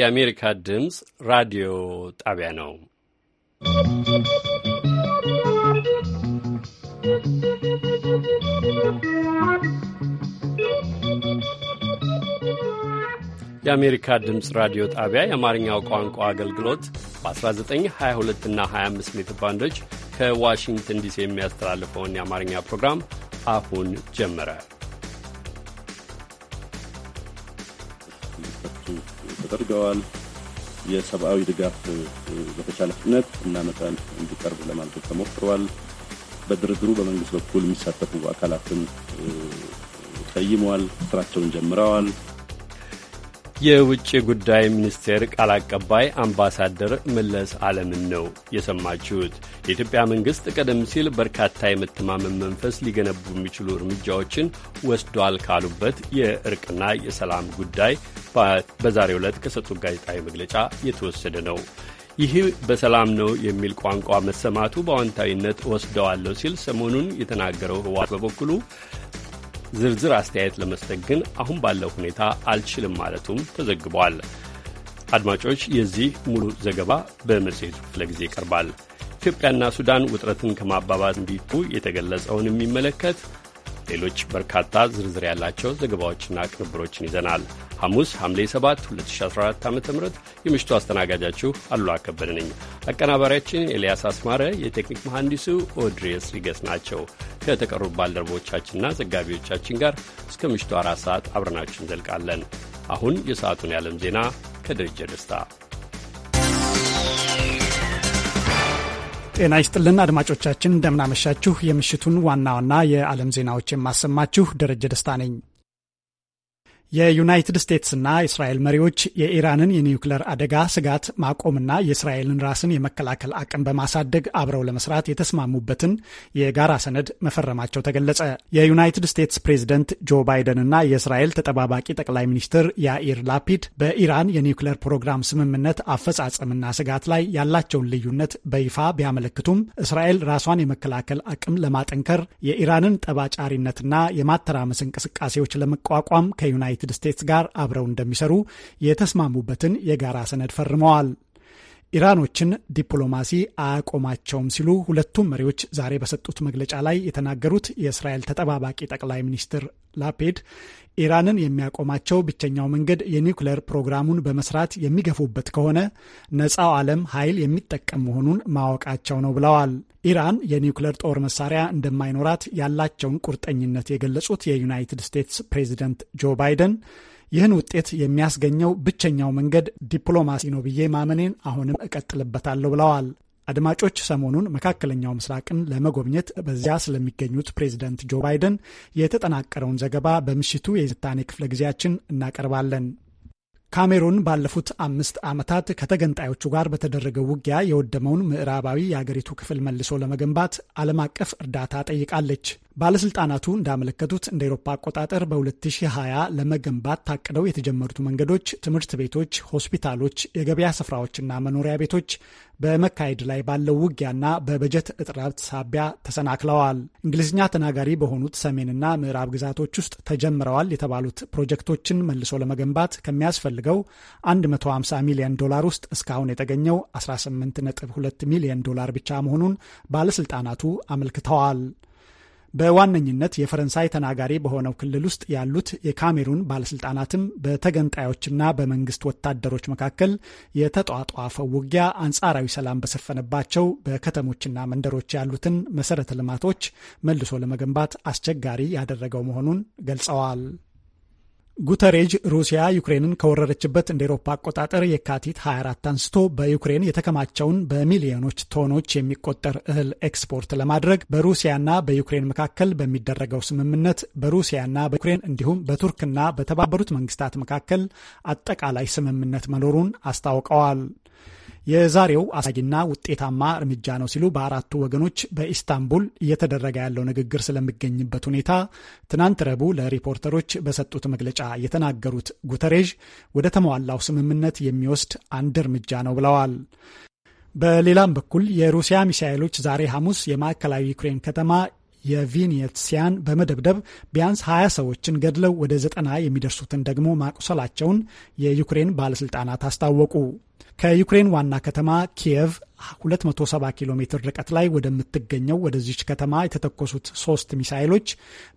የአሜሪካ ድምፅ ራዲዮ ጣቢያ ነው። የአሜሪካ ድምፅ ራዲዮ ጣቢያ የአማርኛው ቋንቋ አገልግሎት በ1922 እና 25 ሜትር ባንዶች ከዋሽንግተን ዲሲ የሚያስተላልፈውን የአማርኛ ፕሮግራም አሁን ጀመረ። ተደርገዋል። የሰብአዊ ድጋፍ በተቻለ ፍጥነት እና መጠን እንዲቀርብ ለማድረግ ተሞክሯል። በድርድሩ በመንግስት በኩል የሚሳተፉ አካላትን ሰይመዋል ስራቸውን ጀምረዋል። የውጭ ጉዳይ ሚኒስቴር ቃል አቀባይ አምባሳደር መለስ አለምን ነው የሰማችሁት። የኢትዮጵያ መንግሥት ቀደም ሲል በርካታ የመተማመን መንፈስ ሊገነቡ የሚችሉ እርምጃዎችን ወስዷል ካሉበት የእርቅና የሰላም ጉዳይ በዛሬው ዕለት ከሰጡት ጋዜጣዊ መግለጫ የተወሰደ ነው። ይህ በሰላም ነው የሚል ቋንቋ መሰማቱ በአዎንታዊነት ወስደዋለሁ ሲል ሰሞኑን የተናገረው ህወሓት በበኩሉ ዝርዝር አስተያየት ለመስጠት ግን አሁን ባለው ሁኔታ አልችልም ማለቱም ተዘግቧል። አድማጮች፣ የዚህ ሙሉ ዘገባ በመጽሔቱ ክፍለ ጊዜ ይቀርባል። ኢትዮጵያና ሱዳን ውጥረትን ከማባባስ እንዲጡ የተገለጸውን የሚመለከት ሌሎች በርካታ ዝርዝር ያላቸው ዘገባዎችና ቅንብሮችን ይዘናል። ሐሙስ ሐምሌ 7 2014 ዓ ም የምሽቱ አስተናጋጃችሁ አሉ ከበደ ነኝ። አቀናባሪያችን ኤልያስ አስማረ፣ የቴክኒክ መሐንዲሱ ኦድሬስ ሪገስ ናቸው። ከተቀሩ ባልደረቦቻችንና ዘጋቢዎቻችን ጋር እስከ ምሽቱ አራት ሰዓት አብረናችሁ እንዘልቃለን። አሁን የሰዓቱን የዓለም ዜና ከደረጀ ደስታ ጤና ይስጥልን አድማጮቻችን እንደምናመሻችሁ። የምሽቱን ዋና ዋና የዓለም ዜናዎች የማሰማችሁ ደረጀ ደስታ ነኝ። የዩናይትድ ስቴትስና እስራኤል መሪዎች የኢራንን የኒውክለር አደጋ ስጋት ማቆምና የእስራኤልን ራስን የመከላከል አቅም በማሳደግ አብረው ለመስራት የተስማሙበትን የጋራ ሰነድ መፈረማቸው ተገለጸ። የዩናይትድ ስቴትስ ፕሬዝደንት ጆ ባይደንና የእስራኤል ተጠባባቂ ጠቅላይ ሚኒስትር ያኢር ላፒድ በኢራን የኒውክለር ፕሮግራም ስምምነት አፈጻጸምና ስጋት ላይ ያላቸውን ልዩነት በይፋ ቢያመለክቱም እስራኤል ራሷን የመከላከል አቅም ለማጠንከር የኢራንን ጠባጫሪነትና የማተራመስ እንቅስቃሴዎች ለመቋቋም ከዩናይትድ ከዩናይትድ ስቴትስ ጋር አብረው እንደሚሰሩ የተስማሙበትን የጋራ ሰነድ ፈርመዋል። ኢራኖችን ዲፕሎማሲ አያቆማቸውም ሲሉ ሁለቱም መሪዎች ዛሬ በሰጡት መግለጫ ላይ የተናገሩት የእስራኤል ተጠባባቂ ጠቅላይ ሚኒስትር ላፔድ ኢራንን የሚያቆማቸው ብቸኛው መንገድ የኒውክሌር ፕሮግራሙን በመስራት የሚገፉበት ከሆነ ነፃው ዓለም ኃይል የሚጠቀም መሆኑን ማወቃቸው ነው ብለዋል። ኢራን የኒውክሌር ጦር መሳሪያ እንደማይኖራት ያላቸውን ቁርጠኝነት የገለጹት የዩናይትድ ስቴትስ ፕሬዚደንት ጆ ባይደን ይህን ውጤት የሚያስገኘው ብቸኛው መንገድ ዲፕሎማሲ ነው ብዬ ማመኔን አሁንም እቀጥልበታለሁ ብለዋል። አድማጮች፣ ሰሞኑን መካከለኛው ምስራቅን ለመጎብኘት በዚያ ስለሚገኙት ፕሬዚደንት ጆ ባይደን የተጠናቀረውን ዘገባ በምሽቱ የዝታኔ ክፍለ ጊዜያችን እናቀርባለን። ካሜሩን ባለፉት አምስት ዓመታት ከተገንጣዮቹ ጋር በተደረገው ውጊያ የወደመውን ምዕራባዊ የአገሪቱ ክፍል መልሶ ለመገንባት ዓለም አቀፍ እርዳታ ጠይቃለች። ባለስልጣናቱ እንዳመለከቱት እንደ ኤሮፓ አቆጣጠር በ2020 ለመገንባት ታቅደው የተጀመሩት መንገዶች፣ ትምህርት ቤቶች፣ ሆስፒታሎች፣ የገበያ ስፍራዎችና መኖሪያ ቤቶች በመካሄድ ላይ ባለው ውጊያና በበጀት እጥረት ሳቢያ ተሰናክለዋል። እንግሊዝኛ ተናጋሪ በሆኑት ሰሜንና ምዕራብ ግዛቶች ውስጥ ተጀምረዋል የተባሉት ፕሮጀክቶችን መልሶ ለመገንባት ከሚያስፈልገው 150 ሚሊዮን ዶላር ውስጥ እስካሁን የተገኘው 18.2 ሚሊዮን ዶላር ብቻ መሆኑን ባለስልጣናቱ አመልክተዋል። በዋነኝነት የፈረንሳይ ተናጋሪ በሆነው ክልል ውስጥ ያሉት የካሜሩን ባለስልጣናትም በተገንጣዮችና በመንግስት ወታደሮች መካከል የተጧጧፈው ውጊያ አንጻራዊ ሰላም በሰፈነባቸው በከተሞችና መንደሮች ያሉትን መሰረተ ልማቶች መልሶ ለመገንባት አስቸጋሪ ያደረገው መሆኑን ገልጸዋል። ጉተሬጅ ሩሲያ ዩክሬንን ከወረረችበት እንደ ኤሮፓ አቆጣጠር የካቲት 24 አንስቶ በዩክሬን የተከማቸውን በሚሊዮኖች ቶኖች የሚቆጠር እህል ኤክስፖርት ለማድረግ በሩሲያና በዩክሬን መካከል በሚደረገው ስምምነት በሩሲያና በዩክሬን እንዲሁም በቱርክና በተባበሩት መንግስታት መካከል አጠቃላይ ስምምነት መኖሩን አስታውቀዋል። የዛሬው አሳጊና ውጤታማ እርምጃ ነው ሲሉ በአራቱ ወገኖች በኢስታንቡል እየተደረገ ያለው ንግግር ስለሚገኝበት ሁኔታ ትናንት ረቡዕ ለሪፖርተሮች በሰጡት መግለጫ የተናገሩት ጉተሬዥ ወደ ተሟላው ስምምነት የሚወስድ አንድ እርምጃ ነው ብለዋል። በሌላም በኩል የሩሲያ ሚሳይሎች ዛሬ ሐሙስ የማዕከላዊ ዩክሬን ከተማ የቪኒየትሲያን በመደብደብ ቢያንስ 20 ሰዎችን ገድለው ወደ ዘጠና የሚደርሱትን ደግሞ ማቁሰላቸውን የዩክሬን ባለሥልጣናት አስታወቁ። ከዩክሬን ዋና ከተማ ኪየቭ 270 ኪሎ ሜትር ርቀት ላይ ወደምትገኘው ወደዚች ከተማ የተተኮሱት ሶስት ሚሳይሎች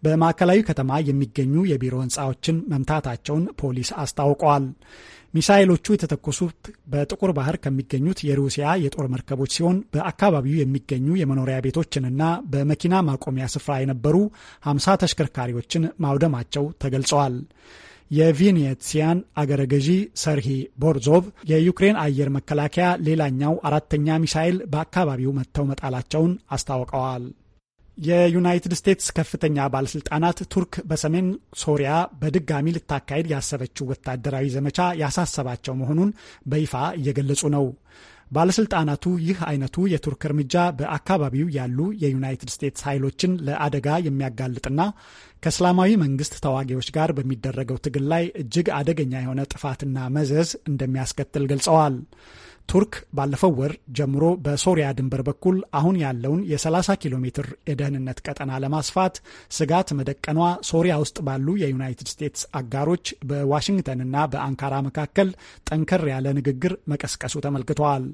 በማዕከላዊ ከተማ የሚገኙ የቢሮ ህንፃዎችን መምታታቸውን ፖሊስ አስታውቀዋል። ሚሳይሎቹ የተተኮሱት በጥቁር ባህር ከሚገኙት የሩሲያ የጦር መርከቦች ሲሆን በአካባቢው የሚገኙ የመኖሪያ ቤቶችንና በመኪና ማቆሚያ ስፍራ የነበሩ 50 ተሽከርካሪዎችን ማውደማቸው ተገልጸዋል። የቪኔትሲያን አገረ ገዢ ሰርሂ ቦርዞቭ የዩክሬን አየር መከላከያ ሌላኛው አራተኛ ሚሳይል በአካባቢው መጥተው መጣላቸውን አስታውቀዋል። የዩናይትድ ስቴትስ ከፍተኛ ባለስልጣናት ቱርክ በሰሜን ሶሪያ በድጋሚ ልታካሄድ ያሰበችው ወታደራዊ ዘመቻ ያሳሰባቸው መሆኑን በይፋ እየገለጹ ነው። ባለስልጣናቱ ይህ አይነቱ የቱርክ እርምጃ በአካባቢው ያሉ የዩናይትድ ስቴትስ ኃይሎችን ለአደጋ የሚያጋልጥና ከእስላማዊ መንግስት ተዋጊዎች ጋር በሚደረገው ትግል ላይ እጅግ አደገኛ የሆነ ጥፋትና መዘዝ እንደሚያስከትል ገልጸዋል። ቱርክ ባለፈው ወር ጀምሮ በሶሪያ ድንበር በኩል አሁን ያለውን የ30 ኪሎ ሜትር የደህንነት ቀጠና ለማስፋት ስጋት መደቀኗ ሶሪያ ውስጥ ባሉ የዩናይትድ ስቴትስ አጋሮች በዋሽንግተንና በአንካራ መካከል ጠንከር ያለ ንግግር መቀስቀሱ ተመልክተዋል።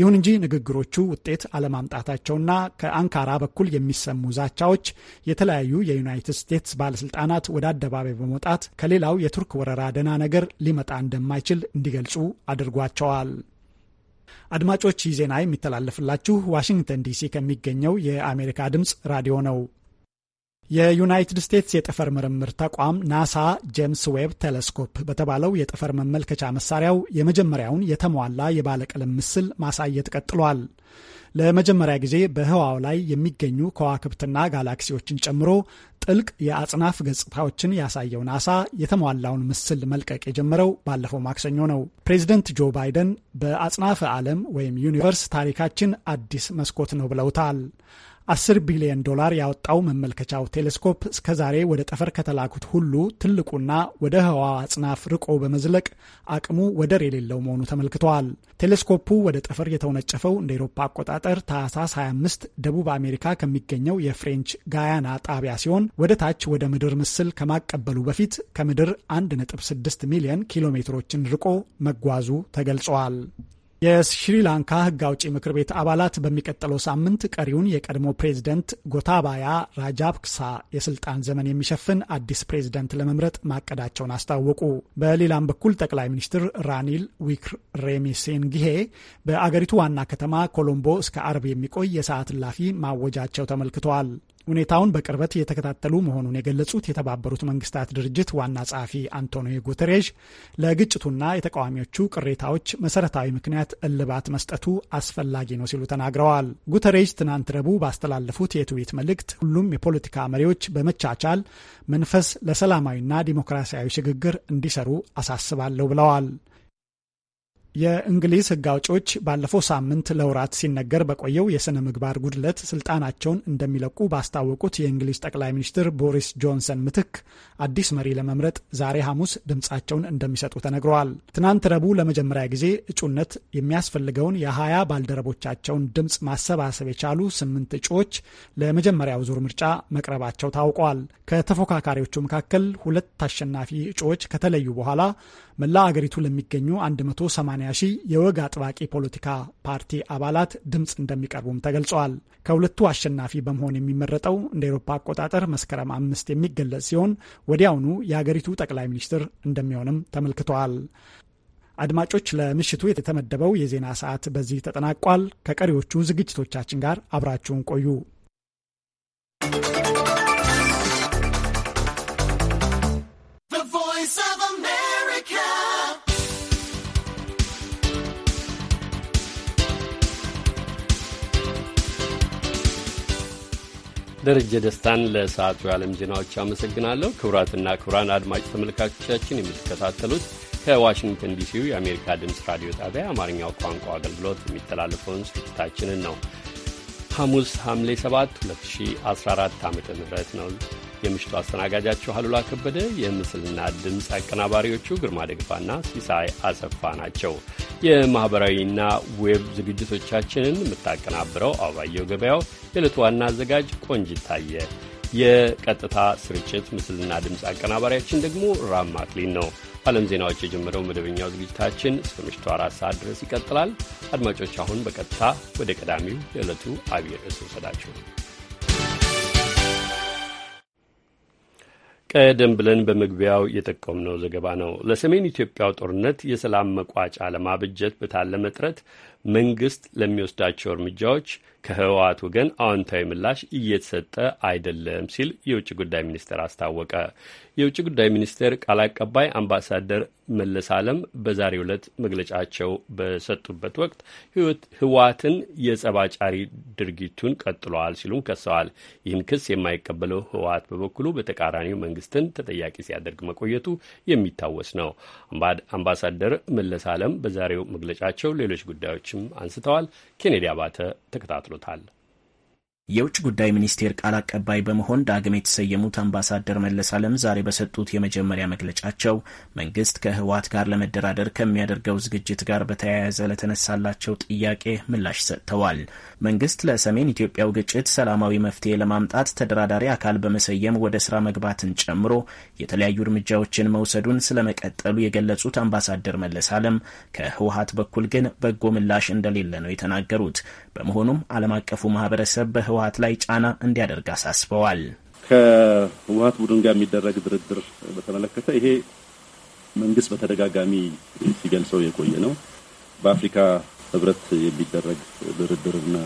ይሁን እንጂ ንግግሮቹ ውጤት አለማምጣታቸውና ከአንካራ በኩል የሚሰሙ ዛቻዎች የተለያዩ የዩናይትድ ስቴትስ ባለስልጣናት ወደ አደባባይ በመውጣት ከሌላው የቱርክ ወረራ ደህና ነገር ሊመጣ እንደማይችል እንዲገልጹ አድርጓቸዋል። አድማጮች ይህ ዜና የሚተላለፍላችሁ ዋሽንግተን ዲሲ ከሚገኘው የአሜሪካ ድምፅ ራዲዮ ነው። የዩናይትድ ስቴትስ የጠፈር ምርምር ተቋም ናሳ ጄምስ ዌብ ቴሌስኮፕ በተባለው የጠፈር መመልከቻ መሳሪያው የመጀመሪያውን የተሟላ የባለቀለም ምስል ማሳየት ቀጥሏል። ለመጀመሪያ ጊዜ በህዋው ላይ የሚገኙ ከዋክብትና ጋላክሲዎችን ጨምሮ ጥልቅ የአጽናፍ ገጽታዎችን ያሳየው ናሳ የተሟላውን ምስል መልቀቅ የጀመረው ባለፈው ማክሰኞ ነው። ፕሬዚደንት ጆ ባይደን በአጽናፈ ዓለም ወይም ዩኒቨርስ ታሪካችን አዲስ መስኮት ነው ብለውታል። 10 ቢሊዮን ዶላር ያወጣው መመልከቻው ቴሌስኮፕ እስከዛሬ ወደ ጠፈር ከተላኩት ሁሉ ትልቁና ወደ ህዋ አጽናፍ ርቆ በመዝለቅ አቅሙ ወደር የሌለው መሆኑ ተመልክተዋል። ቴሌስኮፑ ወደ ጠፈር የተወነጨፈው እንደ ኤሮፓ አቆጣጠር ታህሳስ 25 ደቡብ አሜሪካ ከሚገኘው የፍሬንች ጋያና ጣቢያ ሲሆን ወደ ታች ወደ ምድር ምስል ከማቀበሉ በፊት ከምድር 1.6 ሚሊዮን ኪሎ ሜትሮችን ርቆ መጓዙ ተገልጿል። የስሪላንካ ሕግ አውጪ ምክር ቤት አባላት በሚቀጥለው ሳምንት ቀሪውን የቀድሞ ፕሬዝደንት ጎታባያ ራጃክሳ የስልጣን ዘመን የሚሸፍን አዲስ ፕሬዝደንት ለመምረጥ ማቀዳቸውን አስታወቁ። በሌላም በኩል ጠቅላይ ሚኒስትር ራኒል ዊክሬሜሲንግሄ በአገሪቱ ዋና ከተማ ኮሎምቦ እስከ አርብ የሚቆይ የሰዓት እላፊ ማወጃቸው ተመልክተዋል። ሁኔታውን በቅርበት እየተከታተሉ መሆኑን የገለጹት የተባበሩት መንግስታት ድርጅት ዋና ጸሐፊ አንቶኒዮ ጉተሬዥ ለግጭቱና የተቃዋሚዎቹ ቅሬታዎች መሰረታዊ ምክንያት እልባት መስጠቱ አስፈላጊ ነው ሲሉ ተናግረዋል። ጉተሬዥ ትናንት ረቡዕ ባስተላለፉት የትዊት መልእክት ሁሉም የፖለቲካ መሪዎች በመቻቻል መንፈስ ለሰላማዊና ዲሞክራሲያዊ ሽግግር እንዲሰሩ አሳስባለሁ ብለዋል። የእንግሊዝ ሕግ አውጪዎች ባለፈው ሳምንት ለውራት ሲነገር በቆየው የሥነ ምግባር ጉድለት ስልጣናቸውን እንደሚለቁ ባስታወቁት የእንግሊዝ ጠቅላይ ሚኒስትር ቦሪስ ጆንሰን ምትክ አዲስ መሪ ለመምረጥ ዛሬ ሐሙስ ድምፃቸውን እንደሚሰጡ ተነግረዋል። ትናንት ረቡዕ ለመጀመሪያ ጊዜ እጩነት የሚያስፈልገውን የሀያ ባልደረቦቻቸውን ድምፅ ማሰባሰብ የቻሉ ስምንት እጩዎች ለመጀመሪያው ዙር ምርጫ መቅረባቸው ታውቋል። ከተፎካካሪዎቹ መካከል ሁለት አሸናፊ እጩዎች ከተለዩ በኋላ መላ አገሪቱ ለሚገኙ 180 ሺህ የወግ አጥባቂ ፖለቲካ ፓርቲ አባላት ድምፅ እንደሚቀርቡም ተገልጸዋል። ከሁለቱ አሸናፊ በመሆን የሚመረጠው እንደ ኤሮፓ አቆጣጠር መስከረም አምስት የሚገለጽ ሲሆን ወዲያውኑ የአገሪቱ ጠቅላይ ሚኒስትር እንደሚሆንም ተመልክተዋል። አድማጮች፣ ለምሽቱ የተመደበው የዜና ሰዓት በዚህ ተጠናቋል። ከቀሪዎቹ ዝግጅቶቻችን ጋር አብራችሁን ቆዩ። ደረጀ ደስታን ለሰዓቱ የዓለም ዜናዎች አመሰግናለሁ። ክቡራትና ክቡራን አድማጭ ተመልካቾቻችን የምትከታተሉት ከዋሽንግተን ዲሲው የአሜሪካ ድምፅ ራዲዮ ጣቢያ አማርኛው ቋንቋ አገልግሎት የሚተላለፈውን ስርጭታችንን ነው። ሐሙስ ሐምሌ 7 2014 ዓ ም ነው የምሽቱ አስተናጋጃችሁ አሉላ ከበደ፣ የምስልና ድምፅ አቀናባሪዎቹ ግርማ ደግፋና ሲሳይ አሰፋ ናቸው። የማኅበራዊና ዌብ ዝግጅቶቻችንን የምታቀናብረው አባየው ገበያው፣ የዕለቱ ዋና አዘጋጅ ቆንጅ ይታየ፣ የቀጥታ ስርጭት ምስልና ድምፅ አቀናባሪያችን ደግሞ ራም ማክሊን ነው። ዓለም ዜናዎች የጀመረው መደበኛው ዝግጅታችን እስከ ምሽቱ አራት ሰዓት ድረስ ይቀጥላል። አድማጮች፣ አሁን በቀጥታ ወደ ቀዳሚው የዕለቱ አብይ ርዕስ ወሰዳችሁ። ቀደም ብለን በመግቢያው የጠቆምነው ዘገባ ነው። ለሰሜን ኢትዮጵያው ጦርነት የሰላም መቋጫ ለማብጀት በታለመ ጥረት መንግስት ለሚወስዳቸው እርምጃዎች ከህወሓት ወገን አዎንታዊ ምላሽ እየተሰጠ አይደለም ሲል የውጭ ጉዳይ ሚኒስቴር አስታወቀ። የውጭ ጉዳይ ሚኒስቴር ቃል አቀባይ አምባሳደር መለስ አለም በዛሬ ዕለት መግለጫቸው በሰጡበት ወቅት ህወሓትን የጸባጫሪ ድርጊቱን ቀጥለዋል ሲሉም ከሰዋል። ይህን ክስ የማይቀበለው ህወሓት በበኩሉ በተቃራኒው መንግስትን ተጠያቂ ሲያደርግ መቆየቱ የሚታወስ ነው። አምባሳደር መለስ አለም በዛሬው መግለጫቸው ሌሎች ጉዳዮችም አንስተዋል። ኬኔዲ አባተ ተከታትሎታል። የውጭ ጉዳይ ሚኒስቴር ቃል አቀባይ በመሆን ዳግም የተሰየሙት አምባሳደር መለስ አለም ዛሬ በሰጡት የመጀመሪያ መግለጫቸው መንግስት ከህወሓት ጋር ለመደራደር ከሚያደርገው ዝግጅት ጋር በተያያዘ ለተነሳላቸው ጥያቄ ምላሽ ሰጥተዋል። መንግስት ለሰሜን ኢትዮጵያው ግጭት ሰላማዊ መፍትሄ ለማምጣት ተደራዳሪ አካል በመሰየም ወደ ስራ መግባትን ጨምሮ የተለያዩ እርምጃዎችን መውሰዱን ስለመቀጠሉ የገለጹት አምባሳደር መለስ አለም ከህወሓት በኩል ግን በጎ ምላሽ እንደሌለ ነው የተናገሩት። በመሆኑም ዓለም አቀፉ ማህበረሰብ በህወ በህወሀት ላይ ጫና እንዲያደርግ አሳስበዋል። ከህወሀት ቡድን ጋር የሚደረግ ድርድር በተመለከተ ይሄ መንግስት በተደጋጋሚ ሲገልጸው የቆየ ነው። በአፍሪካ ህብረት የሚደረግ ድርድርና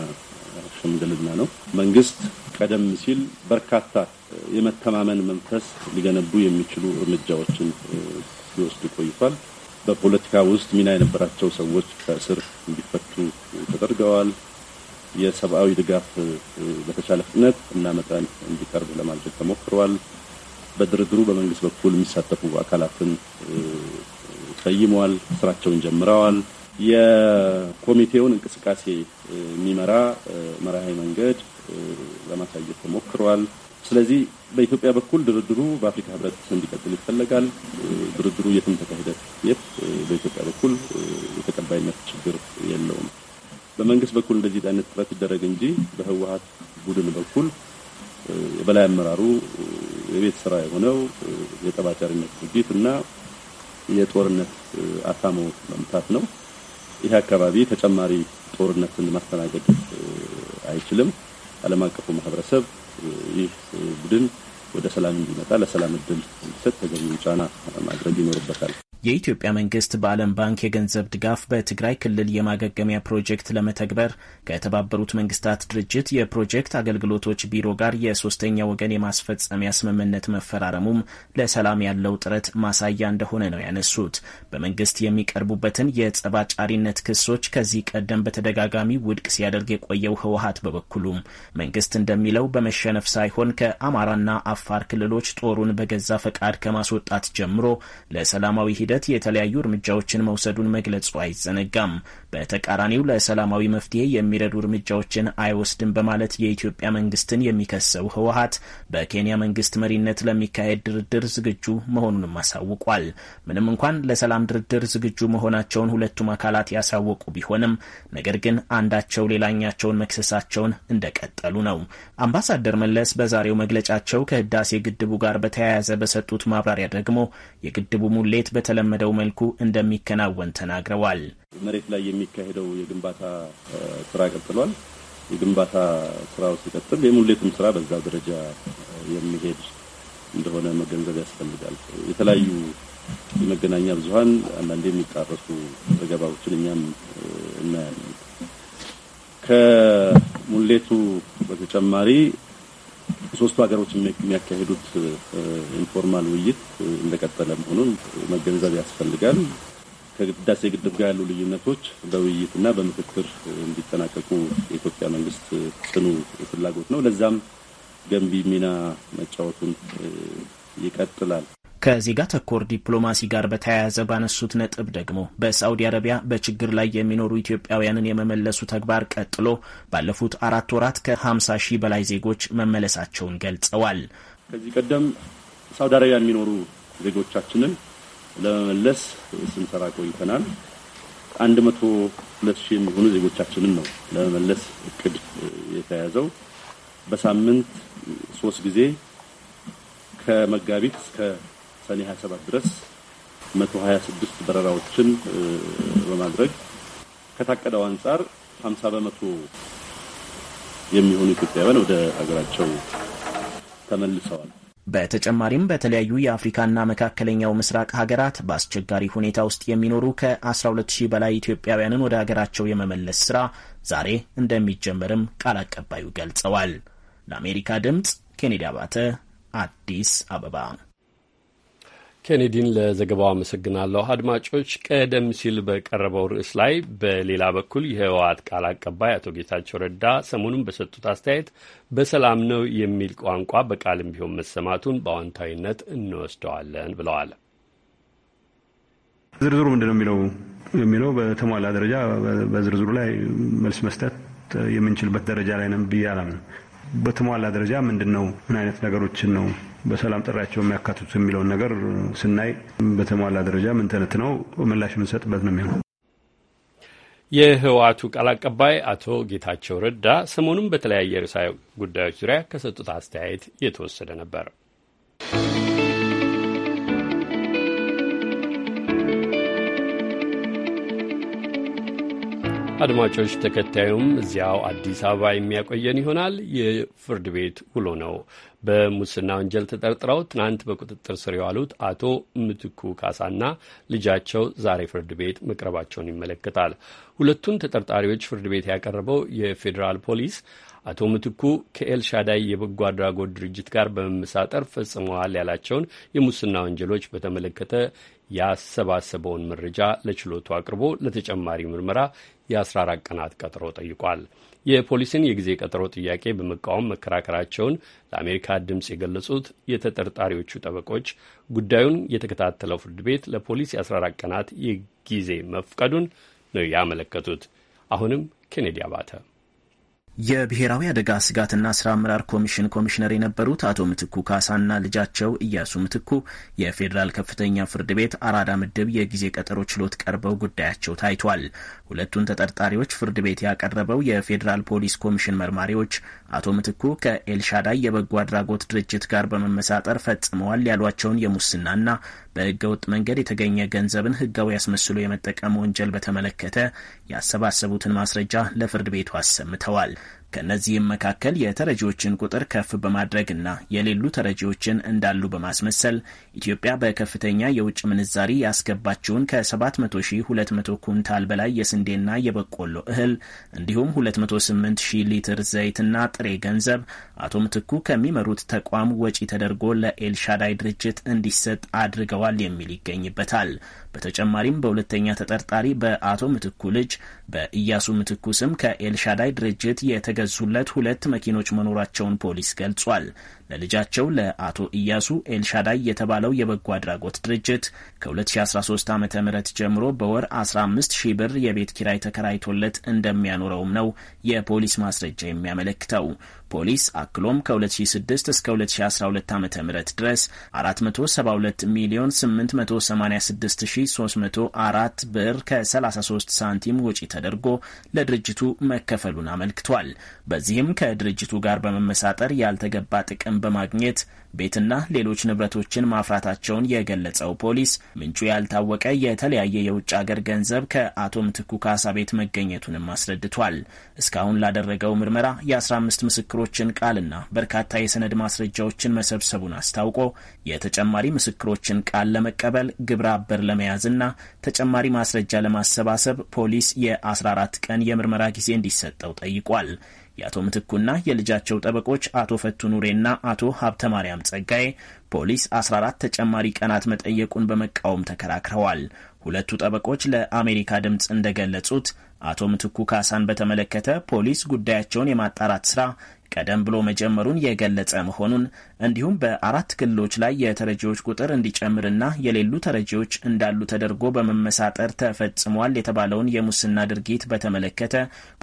ሽምግልና ነው። መንግስት ቀደም ሲል በርካታ የመተማመን መንፈስ ሊገነቡ የሚችሉ እርምጃዎችን ሲወስድ ቆይቷል። በፖለቲካ ውስጥ ሚና የነበራቸው ሰዎች ከእስር እንዲፈቱ ተደርገዋል። የሰብአዊ ድጋፍ በተቻለ ፍጥነት እና መጠን እንዲቀርብ ለማድረግ ተሞክሯል። በድርድሩ በመንግስት በኩል የሚሳተፉ አካላትን ሰይመዋል ስራቸውን ጀምረዋል። የኮሚቴውን እንቅስቃሴ የሚመራ መርሃዊ መንገድ ለማሳየት ተሞክሯል። ስለዚህ በኢትዮጵያ በኩል ድርድሩ በአፍሪካ ህብረት እንዲቀጥል ይፈለጋል። ድርድሩ የትም ተካሂደ የት በኢትዮጵያ በኩል የተቀባይነት ችግር የለውም። በመንግስት በኩል እንደዚህ አይነት ጥረት ይደረግ እንጂ በህወሀት ቡድን በኩል የበላይ አመራሩ የቤት ስራ የሆነው የጠባጫሪነት ድርጊት እና የጦርነት አታሞ መምታት ነው። ይህ አካባቢ ተጨማሪ ጦርነትን ማስተናገድ አይችልም። ዓለም አቀፉ ማህበረሰብ ይህ ቡድን ወደ ሰላም እንዲመጣ ለሰላም እድል እንዲሰጥ ተገቢውን ጫና ማድረግ ይኖርበታል። የኢትዮጵያ መንግስት በዓለም ባንክ የገንዘብ ድጋፍ በትግራይ ክልል የማገገሚያ ፕሮጀክት ለመተግበር ከተባበሩት መንግስታት ድርጅት የፕሮጀክት አገልግሎቶች ቢሮ ጋር የሶስተኛ ወገን የማስፈጸሚያ ስምምነት መፈራረሙም ለሰላም ያለው ጥረት ማሳያ እንደሆነ ነው ያነሱት። በመንግስት የሚቀርቡበትን የጸባጫሪነት ክሶች ከዚህ ቀደም በተደጋጋሚ ውድቅ ሲያደርግ የቆየው ህወሀት በበኩሉም መንግስት እንደሚለው በመሸነፍ ሳይሆን ከአማራና አፋር ክልሎች ጦሩን በገዛ ፈቃድ ከማስወጣት ጀምሮ ለሰላማዊ ሂደ ሂደት የተለያዩ እርምጃዎችን መውሰዱን መግለጹ አይዘነጋም። በተቃራኒው ለሰላማዊ መፍትሄ የሚረዱ እርምጃዎችን አይወስድም በማለት የኢትዮጵያ መንግስትን የሚከሰው ህወሀት በኬንያ መንግስት መሪነት ለሚካሄድ ድርድር ዝግጁ መሆኑንም አሳውቋል። ምንም እንኳን ለሰላም ድርድር ዝግጁ መሆናቸውን ሁለቱም አካላት ያሳወቁ ቢሆንም ነገር ግን አንዳቸው ሌላኛቸውን መክሰሳቸውን እንደቀጠሉ ነው። አምባሳደር መለስ በዛሬው መግለጫቸው ከህዳሴ ግድቡ ጋር በተያያዘ በሰጡት ማብራሪያ ደግሞ የግድቡ ሙሌት በተለ በተለመደው መልኩ እንደሚከናወን ተናግረዋል። መሬት ላይ የሚካሄደው የግንባታ ስራ ቀጥሏል። የግንባታ ስራው ሲቀጥል የሙሌቱም ስራ በዛ ደረጃ የሚሄድ እንደሆነ መገንዘብ ያስፈልጋል። የተለያዩ የመገናኛ ብዙኃን አንዳንዴ የሚጣረሱ ዘገባዎችን እኛም እናያለን። ከሙሌቱ በተጨማሪ ሶስቱ ሀገሮች የሚያካሄዱት ኢንፎርማል ውይይት እንደቀጠለ መሆኑን መገንዘብ ያስፈልጋል። ከህዳሴ ግድብ ጋር ያሉ ልዩነቶች በውይይትና በምክክር እንዲጠናቀቁ የኢትዮጵያ መንግስት ጽኑ ፍላጎት ነው። ለዛም ገንቢ ሚና መጫወቱን ይቀጥላል። ከዜጋ ተኮር ዲፕሎማሲ ጋር በተያያዘ ባነሱት ነጥብ ደግሞ በሳውዲ አረቢያ በችግር ላይ የሚኖሩ ኢትዮጵያውያንን የመመለሱ ተግባር ቀጥሎ ባለፉት አራት ወራት ከ50 ሺህ በላይ ዜጎች መመለሳቸውን ገልጸዋል። ከዚህ ቀደም ሳውዲ አረቢያ የሚኖሩ ዜጎቻችንን ለመመለስ ስንሰራ ቆይተናል። አንድ መቶ ሁለት ሺህ የሚሆኑ ዜጎቻችንን ነው ለመመለስ እቅድ የተያዘው። በሳምንት ሶስት ጊዜ ከመጋቢት እስከ ሰኔ 27 ድረስ 126 በረራዎችን በማድረግ ከታቀደው አንጻር 50 በመቶ የሚሆኑ ኢትዮጵያውያን ወደ ሀገራቸው ተመልሰዋል። በተጨማሪም በተለያዩ የአፍሪካና መካከለኛው ምስራቅ ሀገራት በአስቸጋሪ ሁኔታ ውስጥ የሚኖሩ ከ12000 በላይ ኢትዮጵያውያንን ወደ ሀገራቸው የመመለስ ስራ ዛሬ እንደሚጀመርም ቃል አቀባዩ ገልጸዋል። ለአሜሪካ ድምፅ ኬኔዲ አባተ አዲስ አበባ ኬኔዲን ለዘገባው አመሰግናለሁ። አድማጮች፣ ቀደም ሲል በቀረበው ርዕስ ላይ በሌላ በኩል የህወሓት ቃል አቀባይ አቶ ጌታቸው ረዳ ሰሞኑን በሰጡት አስተያየት በሰላም ነው የሚል ቋንቋ በቃልም ቢሆን መሰማቱን በአዎንታዊነት እንወስደዋለን ብለዋል። ዝርዝሩ ምንድን ነው የሚለው የሚለው በተሟላ ደረጃ በዝርዝሩ ላይ መልስ መስጠት የምንችልበት ደረጃ ላይ ነን ብዬ አላምንም። በተሟላ ደረጃ ምንድን ነው ምን አይነት ነገሮችን ነው በሰላም ጥሪያቸው የሚያካትቱት የሚለውን ነገር ስናይ በተሟላ ደረጃ ነው ምላሽ የምንሰጥበት ነው የሚሆነው። የህወሓቱ ቃል አቀባይ አቶ ጌታቸው ረዳ ሰሞኑን በተለያየ ርዕሰ ጉዳዮች ዙሪያ ከሰጡት አስተያየት የተወሰደ ነበር። አድማጮች፣ ተከታዩም እዚያው አዲስ አበባ የሚያቆየን ይሆናል። የፍርድ ቤት ውሎ ነው። በሙስና ወንጀል ተጠርጥረው ትናንት በቁጥጥር ስር የዋሉት አቶ ምትኩ ካሳና ልጃቸው ዛሬ ፍርድ ቤት መቅረባቸውን ይመለከታል። ሁለቱን ተጠርጣሪዎች ፍርድ ቤት ያቀረበው የፌዴራል ፖሊስ አቶ ምትኩ ከኤልሻዳይ የበጎ አድራጎት ድርጅት ጋር በመመሳጠር ፈጽመዋል ያላቸውን የሙስና ወንጀሎች በተመለከተ ያሰባሰበውን መረጃ ለችሎቱ አቅርቦ ለተጨማሪ ምርመራ የ14 ቀናት ቀጠሮ ጠይቋል። የፖሊስን የጊዜ ቀጠሮ ጥያቄ በመቃወም መከራከራቸውን ለአሜሪካ ድምፅ የገለጹት የተጠርጣሪዎቹ ጠበቆች ጉዳዩን የተከታተለው ፍርድ ቤት ለፖሊስ የ14 ቀናት የጊዜ መፍቀዱን ነው ያመለከቱት። አሁንም ኬኔዲ አባተ የብሔራዊ አደጋ ስጋትና ስራ አመራር ኮሚሽን ኮሚሽነር የነበሩት አቶ ምትኩ ካሳና ልጃቸው እያሱ ምትኩ የፌዴራል ከፍተኛ ፍርድ ቤት አራዳ ምድብ የጊዜ ቀጠሮ ችሎት ቀርበው ጉዳያቸው ታይቷል። ሁለቱን ተጠርጣሪዎች ፍርድ ቤት ያቀረበው የፌዴራል ፖሊስ ኮሚሽን መርማሪዎች አቶ ምትኩ ከኤልሻዳይ የበጎ አድራጎት ድርጅት ጋር በመመሳጠር ፈጽመዋል ያሏቸውን የሙስናና በህገወጥ መንገድ የተገኘ ገንዘብን ህጋዊ ያስመስሎ የመጠቀም ወንጀል በተመለከተ ያሰባሰቡትን ማስረጃ ለፍርድ ቤቱ አሰምተዋል። ከእነዚህም መካከል የተረጂዎችን ቁጥር ከፍ በማድረግና የሌሉ ተረጂዎችን እንዳሉ በማስመሰል ኢትዮጵያ በከፍተኛ የውጭ ምንዛሪ ያስገባችውን ከ 7200 ኩንታል በላይ የስንዴና የበቆሎ እህል እንዲሁም 28000 ሊትር ዘይትና ጥሬ ገንዘብ አቶ ምትኩ ከሚመሩት ተቋም ወጪ ተደርጎ ለኤልሻዳይ ድርጅት እንዲሰጥ አድርገዋል የሚል ይገኝበታል። በተጨማሪም በሁለተኛ ተጠርጣሪ በአቶ ምትኩ ልጅ በኢያሱ ምትኩ ስም ከኤልሻዳይ ድርጅት የተገዙለት ሁለት መኪኖች መኖራቸውን ፖሊስ ገልጿል። ለልጃቸው ለአቶ ኢያሱ ኤልሻዳይ የተባለው የበጎ አድራጎት ድርጅት ከ2013 ዓ ም ጀምሮ በወር 15 ሺህ ብር የቤት ኪራይ ተከራይቶለት እንደሚያኖረውም ነው የፖሊስ ማስረጃ የሚያመለክተው። ፖሊስ አክሎም ከ2006 እስከ 2012 ዓ ም ድረስ 472 ሚሊዮን 886304 ብር ከ33 ሳንቲም ወጪ ተደርጎ ለድርጅቱ መከፈሉን አመልክቷል። በዚህም ከድርጅቱ ጋር በመመሳጠር ያልተገባ ጥቅም በማግኘት ቤትና ሌሎች ንብረቶችን ማፍራታቸውን የገለጸው ፖሊስ ምንጩ ያልታወቀ የተለያየ የውጭ አገር ገንዘብ ከአቶ ምትኩ ካሳ ቤት መገኘቱንም አስረድቷል። እስካሁን ላደረገው ምርመራ የ15 ምስክሮችን ቃልና በርካታ የሰነድ ማስረጃዎችን መሰብሰቡን አስታውቆ የተጨማሪ ምስክሮችን ቃል ለመቀበል ግብረ አበር ለመያዝና ተጨማሪ ማስረጃ ለማሰባሰብ ፖሊስ የ14 ቀን የምርመራ ጊዜ እንዲሰጠው ጠይቋል። የአቶ ምትኩና የልጃቸው ጠበቆች አቶ ፈቱ ኑሬና አቶ ሀብተ ማርያም ጸጋዬ ፖሊስ 14 ተጨማሪ ቀናት መጠየቁን በመቃወም ተከራክረዋል። ሁለቱ ጠበቆች ለአሜሪካ ድምፅ እንደገለጹት አቶ ምትኩ ካሳን በተመለከተ ፖሊስ ጉዳያቸውን የማጣራት ስራ ቀደም ብሎ መጀመሩን የገለጸ መሆኑን እንዲሁም በአራት ክልሎች ላይ የተረጂዎች ቁጥር እንዲጨምርና የሌሉ ተረጂዎች እንዳሉ ተደርጎ በመመሳጠር ተፈጽሟል የተባለውን የሙስና ድርጊት በተመለከተ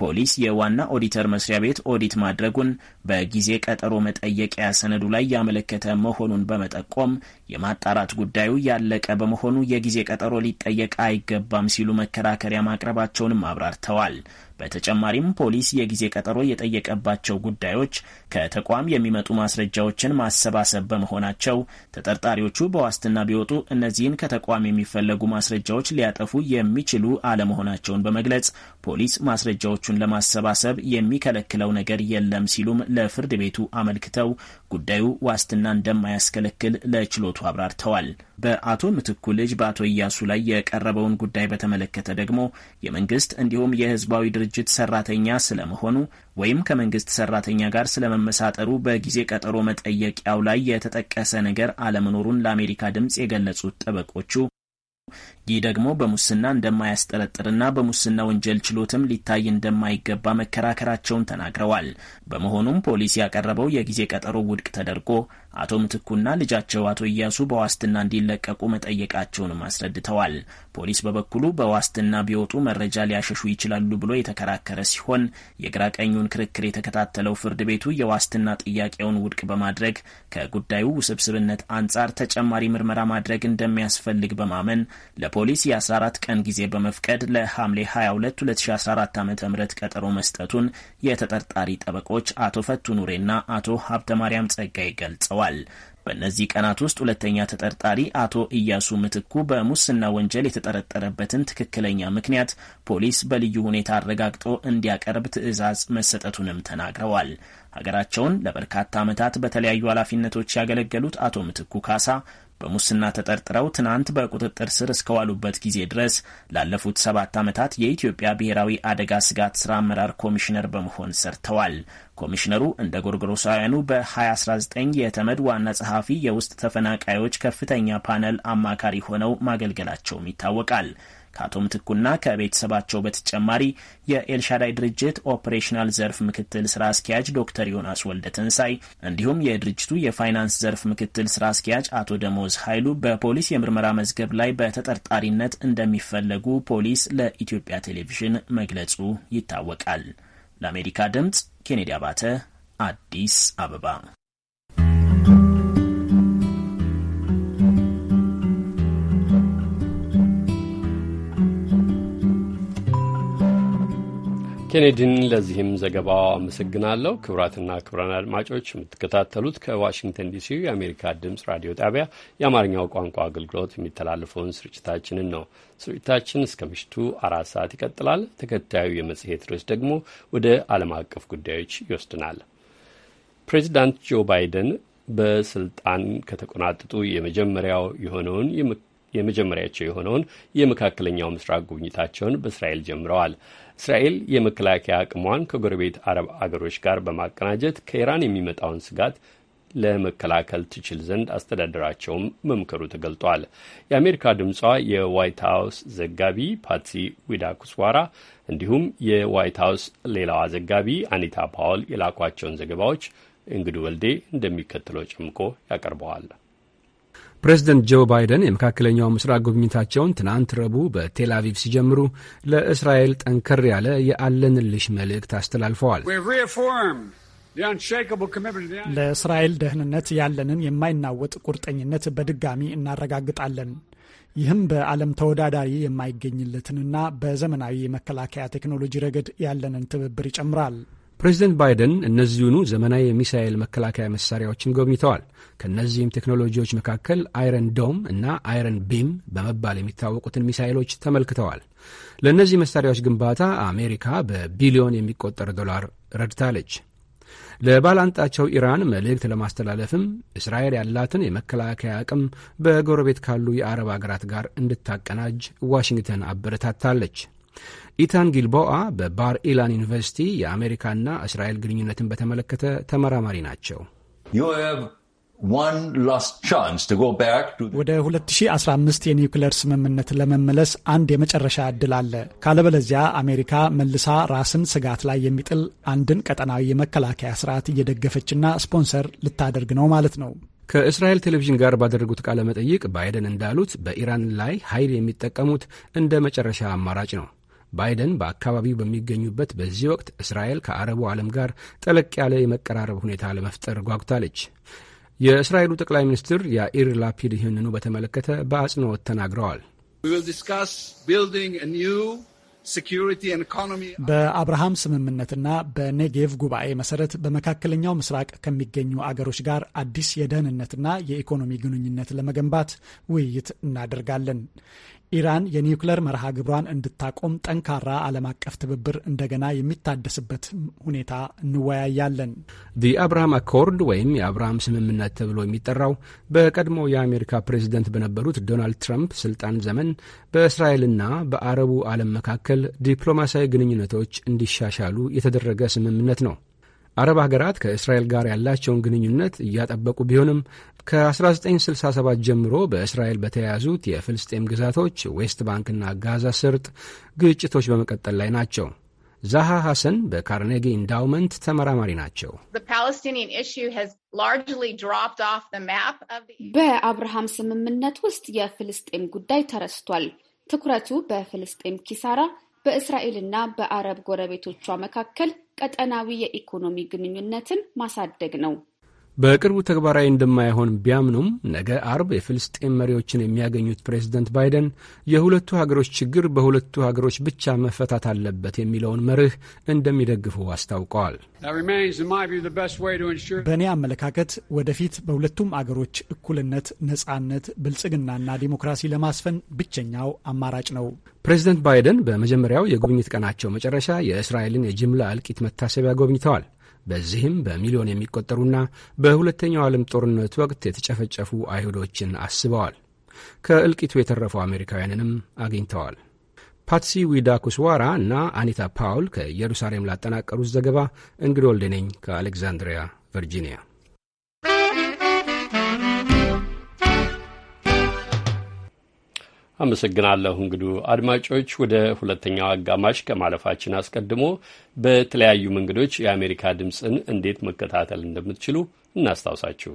ፖሊስ የዋና ኦዲተር መስሪያ ቤት ኦዲት ማድረጉን በጊዜ ቀጠሮ መጠየቂያ ሰነዱ ላይ ያመለከተ መሆኑን በመጠቆም የማጣራት ጉዳዩ ያለቀ በመሆኑ የጊዜ ቀጠሮ ሊጠየቅ አይገባም ሲሉ መከራከሪያ ማቅረባቸውንም አብራርተዋል። በተጨማሪም ፖሊስ የጊዜ ቀጠሮ የጠየቀባቸው ጉዳዮች ከተቋም የሚመጡ ማስረጃዎችን ማሰባሰብ በመሆናቸው ተጠርጣሪዎቹ በዋስትና ቢወጡ እነዚህን ከተቋም የሚፈለጉ ማስረጃዎች ሊያጠፉ የሚችሉ አለመሆናቸውን በመግለጽ ፖሊስ ማስረጃዎቹን ለማሰባሰብ የሚከለክለው ነገር የለም ሲሉም ለፍርድ ቤቱ አመልክተው ጉዳዩ ዋስትና እንደማያስከለክል ለችሎቱ አብራርተዋል። በአቶ ምትኩ ልጅ በአቶ እያሱ ላይ የቀረበውን ጉዳይ በተመለከተ ደግሞ የመንግስት እንዲሁም የህዝባዊ ድርጅ ድርጅት ሰራተኛ ስለመሆኑ ወይም ከመንግስት ሰራተኛ ጋር ስለመመሳጠሩ በጊዜ ቀጠሮ መጠየቂያው ላይ የተጠቀሰ ነገር አለመኖሩን ለአሜሪካ ድምፅ የገለጹት ጠበቆቹ ይህ ደግሞ በሙስና እንደማያስጠረጥርና በሙስና ወንጀል ችሎትም ሊታይ እንደማይገባ መከራከራቸውን ተናግረዋል። በመሆኑም ፖሊስ ያቀረበው የጊዜ ቀጠሮ ውድቅ ተደርጎ አቶ ምትኩና ልጃቸው አቶ እያሱ በዋስትና እንዲለቀቁ መጠየቃቸውንም አስረድተዋል። ፖሊስ በበኩሉ በዋስትና ቢወጡ መረጃ ሊያሸሹ ይችላሉ ብሎ የተከራከረ ሲሆን የግራ ቀኙን ክርክር የተከታተለው ፍርድ ቤቱ የዋስትና ጥያቄውን ውድቅ በማድረግ ከጉዳዩ ውስብስብነት አንጻር ተጨማሪ ምርመራ ማድረግ እንደሚያስፈልግ በማመን ለፖሊስ የ14 ቀን ጊዜ በመፍቀድ ለሐምሌ 22 2014 ዓ ም ቀጠሮ መስጠቱን የተጠርጣሪ ጠበቆች አቶ ፈቱ ኑሬና አቶ ሀብተ ማርያም ጸጋይ ገልጸዋል። ተናግረዋል። በእነዚህ ቀናት ውስጥ ሁለተኛ ተጠርጣሪ አቶ ኢያሱ ምትኩ በሙስና ወንጀል የተጠረጠረበትን ትክክለኛ ምክንያት ፖሊስ በልዩ ሁኔታ አረጋግጦ እንዲያቀርብ ትዕዛዝ መሰጠቱንም ተናግረዋል። ሀገራቸውን ለበርካታ ዓመታት በተለያዩ ኃላፊነቶች ያገለገሉት አቶ ምትኩ ካሳ በሙስና ተጠርጥረው ትናንት በቁጥጥር ስር እስከዋሉበት ጊዜ ድረስ ላለፉት ሰባት ዓመታት የኢትዮጵያ ብሔራዊ አደጋ ስጋት ስራ አመራር ኮሚሽነር በመሆን ሰርተዋል። ኮሚሽነሩ እንደ ጎርጎሮሳውያኑ በ2019 የተመድ ዋና ጸሐፊ የውስጥ ተፈናቃዮች ከፍተኛ ፓነል አማካሪ ሆነው ማገልገላቸውም ይታወቃል። ከአቶ ምትኩና ከቤተሰባቸው በተጨማሪ የኤልሻዳይ ድርጅት ኦፕሬሽናል ዘርፍ ምክትል ስራ አስኪያጅ ዶክተር ዮናስ ወልደ ትንሳይ እንዲሁም የድርጅቱ የፋይናንስ ዘርፍ ምክትል ስራ አስኪያጅ አቶ ደሞዝ ኃይሉ በፖሊስ የምርመራ መዝገብ ላይ በተጠርጣሪነት እንደሚፈለጉ ፖሊስ ለኢትዮጵያ ቴሌቪዥን መግለጹ ይታወቃል። ለአሜሪካ ድምጽ ኬኔዲ አባተ አዲስ አበባ ኬኔዲን ለዚህም ዘገባው አመሰግናለሁ። ክቡራትና ክቡራን አድማጮች የምትከታተሉት ከዋሽንግተን ዲሲ የአሜሪካ ድምፅ ራዲዮ ጣቢያ የአማርኛው ቋንቋ አገልግሎት የሚተላለፈውን ስርጭታችንን ነው። ስርጭታችን እስከ ምሽቱ አራት ሰዓት ይቀጥላል። ተከታዩ የመጽሔት ርዕስ ደግሞ ወደ ዓለም አቀፍ ጉዳዮች ይወስድናል። ፕሬዚዳንት ጆ ባይደን በስልጣን ከተቆናጠጡ የመጀመሪያው የሆነውን የመጀመሪያቸው የሆነውን የመካከለኛው ምስራቅ ጉብኝታቸውን በእስራኤል ጀምረዋል። እስራኤል የመከላከያ አቅሟን ከጎረቤት አረብ አገሮች ጋር በማቀናጀት ከኢራን የሚመጣውን ስጋት ለመከላከል ትችል ዘንድ አስተዳደራቸውም መምከሩ ተገልጧል። የአሜሪካ ድምጿ የዋይት ሀውስ ዘጋቢ ፓትሲ ዊዳኩስዋራ እንዲሁም የዋይት ሀውስ ሌላዋ ዘጋቢ አኒታ ፓውል የላኳቸውን ዘገባዎች እንግዱ ወልዴ እንደሚከተለው ጨምቆ ያቀርበዋል። ፕሬዝደንት ጆ ባይደን የመካከለኛው ምስራቅ ጉብኝታቸውን ትናንት ረቡዕ በቴል አቪቭ ሲጀምሩ ለእስራኤል ጠንከር ያለ የአለንልሽ መልእክት አስተላልፈዋል። ለእስራኤል ደህንነት ያለንን የማይናወጥ ቁርጠኝነት በድጋሚ እናረጋግጣለን። ይህም በዓለም ተወዳዳሪ የማይገኝለትንና በዘመናዊ የመከላከያ ቴክኖሎጂ ረገድ ያለንን ትብብር ይጨምራል። ፕሬዚደንት ባይደን እነዚሁኑ ዘመናዊ የሚሳኤል መከላከያ መሳሪያዎችን ጎብኝተዋል። ከእነዚህም ቴክኖሎጂዎች መካከል አይረን ዶም እና አይረን ቢም በመባል የሚታወቁትን ሚሳኤሎች ተመልክተዋል። ለእነዚህ መሳሪያዎች ግንባታ አሜሪካ በቢሊዮን የሚቆጠር ዶላር ረድታለች። ለባላንጣቸው ኢራን መልእክት ለማስተላለፍም እስራኤል ያላትን የመከላከያ አቅም በጎረቤት ካሉ የአረብ አገራት ጋር እንድታቀናጅ ዋሽንግተን አበረታታለች። ኢታን ጊልቦአ በባር ኢላን ዩኒቨርሲቲ የአሜሪካና እስራኤል ግንኙነትን በተመለከተ ተመራማሪ ናቸው። ወደ 2015 የኒውክሌር ስምምነት ለመመለስ አንድ የመጨረሻ ዕድል አለ። ካለበለዚያ አሜሪካ መልሳ ራስን ስጋት ላይ የሚጥል አንድን ቀጠናዊ የመከላከያ ስርዓት እየደገፈችና ስፖንሰር ልታደርግ ነው ማለት ነው። ከእስራኤል ቴሌቪዥን ጋር ባደረጉት ቃለ መጠይቅ ባይደን እንዳሉት በኢራን ላይ ኃይል የሚጠቀሙት እንደ መጨረሻ አማራጭ ነው። ባይደን በአካባቢው በሚገኙበት በዚህ ወቅት እስራኤል ከአረቡ ዓለም ጋር ጠለቅ ያለ የመቀራረብ ሁኔታ ለመፍጠር ጓጉታለች። የእስራኤሉ ጠቅላይ ሚኒስትር ያኢር ላፒድ ይህንኑ በተመለከተ በአጽንኦት ተናግረዋል። በአብርሃም ስምምነትና በኔጌቭ ጉባኤ መሰረት በመካከለኛው ምስራቅ ከሚገኙ አገሮች ጋር አዲስ የደህንነትና የኢኮኖሚ ግንኙነት ለመገንባት ውይይት እናደርጋለን። ኢራን የኒውክለር መርሃ ግብሯን እንድታቆም ጠንካራ ዓለም አቀፍ ትብብር እንደገና የሚታደስበት ሁኔታ እንወያያለን። ዲ አብርሃም አኮርድ ወይም የአብርሃም ስምምነት ተብሎ የሚጠራው በቀድሞ የአሜሪካ ፕሬዝደንት በነበሩት ዶናልድ ትራምፕ ስልጣን ዘመን በእስራኤልና በአረቡ ዓለም መካከል ዲፕሎማሲያዊ ግንኙነቶች እንዲሻሻሉ የተደረገ ስምምነት ነው። አረብ ሀገራት ከእስራኤል ጋር ያላቸውን ግንኙነት እያጠበቁ ቢሆንም ከ1967 ጀምሮ በእስራኤል በተያያዙት የፍልስጤም ግዛቶች ዌስት ባንክና ጋዛ ስርጥ ግጭቶች በመቀጠል ላይ ናቸው። ዛሃ ሐሰን በካርኔጊ ኢንዳውመንት ተመራማሪ ናቸው። በአብርሃም ስምምነት ውስጥ የፍልስጤም ጉዳይ ተረስቷል። ትኩረቱ በፍልስጤም ኪሳራ፣ በእስራኤልና በአረብ ጎረቤቶቿ መካከል ቀጠናዊ የኢኮኖሚ ግንኙነትን ማሳደግ ነው። በቅርቡ ተግባራዊ እንደማይሆን ቢያምኑም ነገ አርብ የፍልስጤም መሪዎችን የሚያገኙት ፕሬዝደንት ባይደን የሁለቱ ሀገሮች ችግር በሁለቱ ሀገሮች ብቻ መፈታት አለበት የሚለውን መርህ እንደሚደግፉ አስታውቀዋል። በእኔ አመለካከት ወደፊት በሁለቱም አገሮች እኩልነት፣ ነጻነት፣ ብልጽግናና ዲሞክራሲ ለማስፈን ብቸኛው አማራጭ ነው። ፕሬዝደንት ባይደን በመጀመሪያው የጉብኝት ቀናቸው መጨረሻ የእስራኤልን የጅምላ እልቂት መታሰቢያ ጎብኝተዋል። በዚህም በሚሊዮን የሚቆጠሩና በሁለተኛው ዓለም ጦርነት ወቅት የተጨፈጨፉ አይሁዶችን አስበዋል። ከእልቂቱ የተረፉ አሜሪካውያንንም አግኝተዋል። ፓትሲ ዊዳ ኩስዋራ እና አኒታ ፓውል ከኢየሩሳሌም ላጠናቀሩት ዘገባ እንግዶ ወልደነኝ ከአሌክዛንድሪያ ቨርጂኒያ። አመሰግናለሁ እንግዱ። አድማጮች ወደ ሁለተኛው አጋማሽ ከማለፋችን አስቀድሞ በተለያዩ መንገዶች የአሜሪካ ድምፅን እንዴት መከታተል እንደምትችሉ እናስታውሳችሁ።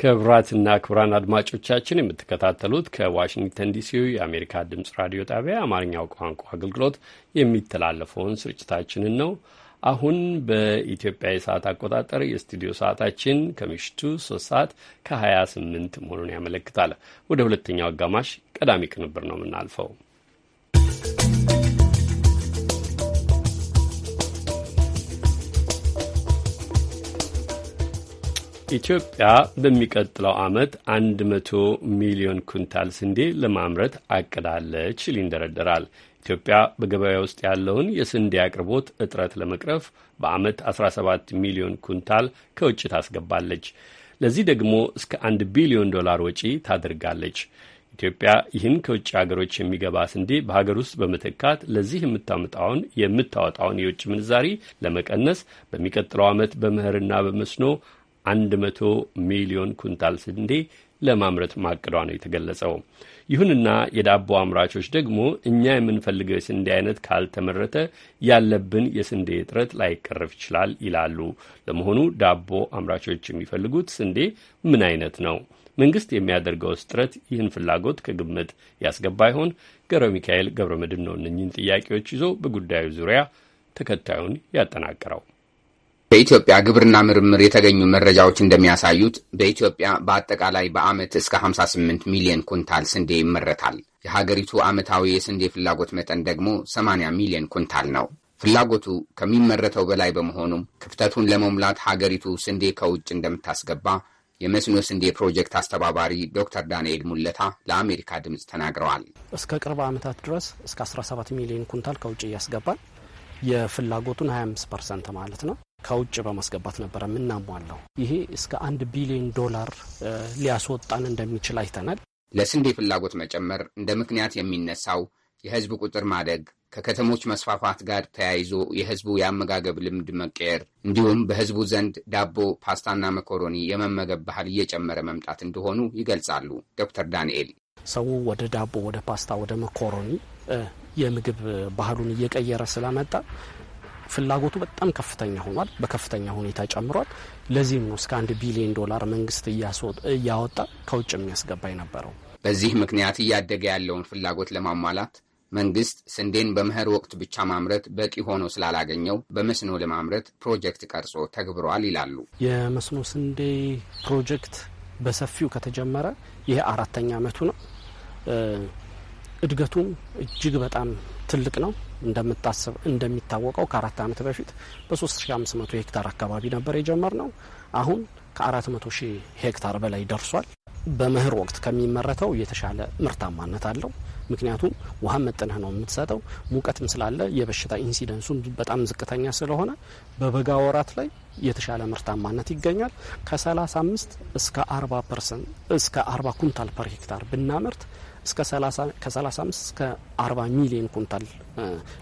ክቡራትና ክቡራን አድማጮቻችን የምትከታተሉት ከዋሽንግተን ዲሲ የአሜሪካ ድምፅ ራዲዮ ጣቢያ አማርኛው ቋንቋ አገልግሎት የሚተላለፈውን ስርጭታችንን ነው። አሁን በኢትዮጵያ የሰዓት አቆጣጠር የስቱዲዮ ሰዓታችን ከምሽቱ 3 ሰዓት ከ ስምንት መሆኑን ያመለክታል። ወደ ሁለተኛው አጋማሽ ቀዳሚ ቅንብር ነው የምናልፈው። ኢትዮጵያ በሚቀጥለው ዓመት አንድ መቶ ሚሊዮን ኩንታል ስንዴ ለማምረት አቅዳለች ሲል ይንደረደራል። ኢትዮጵያ በገበያ ውስጥ ያለውን የስንዴ አቅርቦት እጥረት ለመቅረፍ በዓመት 17 ሚሊዮን ኩንታል ከውጭ ታስገባለች። ለዚህ ደግሞ እስከ አንድ ቢሊዮን ዶላር ወጪ ታደርጋለች። ኢትዮጵያ ይህን ከውጭ ሀገሮች የሚገባ ስንዴ በሀገር ውስጥ በመተካት ለዚህ የምታመጣውን የምታወጣውን የውጭ ምንዛሪ ለመቀነስ በሚቀጥለው ዓመት በምህርና በመስኖ አንድ መቶ ሚሊዮን ኩንታል ስንዴ ለማምረት ማቅዷ ነው የተገለጸው። ይሁንና የዳቦ አምራቾች ደግሞ እኛ የምንፈልገው የስንዴ አይነት ካልተመረተ ያለብን የስንዴ እጥረት ላይቀረፍ ይችላል ይላሉ። ለመሆኑ ዳቦ አምራቾች የሚፈልጉት ስንዴ ምን አይነት ነው? መንግስት የሚያደርገው ጥረት ይህን ፍላጎት ከግምት ያስገባ ይሆን? ገብረ ሚካኤል ገብረ መድን ነው ጥያቄዎች ይዞ በጉዳዩ ዙሪያ ተከታዩን ያጠናቀረው። በኢትዮጵያ ግብርና ምርምር የተገኙ መረጃዎች እንደሚያሳዩት በኢትዮጵያ በአጠቃላይ በዓመት እስከ 58 ሚሊዮን ኩንታል ስንዴ ይመረታል። የሀገሪቱ ዓመታዊ የስንዴ ፍላጎት መጠን ደግሞ 80 ሚሊዮን ኩንታል ነው። ፍላጎቱ ከሚመረተው በላይ በመሆኑም ክፍተቱን ለመሙላት ሀገሪቱ ስንዴ ከውጭ እንደምታስገባ የመስኖ ስንዴ ፕሮጀክት አስተባባሪ ዶክተር ዳንኤል ሙለታ ለአሜሪካ ድምፅ ተናግረዋል። እስከ ቅርብ ዓመታት ድረስ እስከ 17 ሚሊዮን ኩንታል ከውጭ እያስገባል የፍላጎቱን 25 ፐርሰንት ማለት ነው። ከውጭ በማስገባት ነበር የምናሟለው። ይሄ እስከ አንድ ቢሊዮን ዶላር ሊያስወጣን እንደሚችል አይተናል። ለስንዴ ፍላጎት መጨመር እንደ ምክንያት የሚነሳው የህዝብ ቁጥር ማደግ ከከተሞች መስፋፋት ጋር ተያይዞ የህዝቡ የአመጋገብ ልምድ መቀየር እንዲሁም በህዝቡ ዘንድ ዳቦ፣ ፓስታና መኮሮኒ የመመገብ ባህል እየጨመረ መምጣት እንደሆኑ ይገልጻሉ ዶክተር ዳንኤል። ሰው ወደ ዳቦ፣ ወደ ፓስታ፣ ወደ መኮሮኒ የምግብ ባህሉን እየቀየረ ስለመጣ ፍላጎቱ በጣም ከፍተኛ ሆኗል፣ በከፍተኛ ሁኔታ ጨምሯል። ለዚህም ነው እስከ አንድ ቢሊዮን ዶላር መንግስት እያወጣ ከውጭ የሚያስገባ የነበረው። በዚህ ምክንያት እያደገ ያለውን ፍላጎት ለማሟላት መንግስት ስንዴን በመኸር ወቅት ብቻ ማምረት በቂ ሆኖ ስላላገኘው በመስኖ ለማምረት ፕሮጀክት ቀርጾ ተግብሯል ይላሉ። የመስኖ ስንዴ ፕሮጀክት በሰፊው ከተጀመረ ይህ አራተኛ ዓመቱ ነው። እድገቱም እጅግ በጣም ትልቅ ነው። እንደምታስብ እንደሚታወቀው ከአራት ዓመት በፊት በ3500 ሄክታር አካባቢ ነበር የጀመር ነው። አሁን ከ400 ሺህ ሄክታር በላይ ደርሷል። በመኸር ወቅት ከሚመረተው የተሻለ ምርታማነት አለው። ምክንያቱም ውሃ መጠንህ ነው የምትሰጠው። ሙቀትም ስላለ የበሽታ ኢንሲደንሱም በጣም ዝቅተኛ ስለሆነ በበጋ ወራት ላይ የተሻለ ምርታማነት ይገኛል። ከ35 እስከ 40 ኩንታል ፐር ሄክታር ብናመርት እስከ 30 ከ35 እስከ 40 ሚሊዮን ኩንታል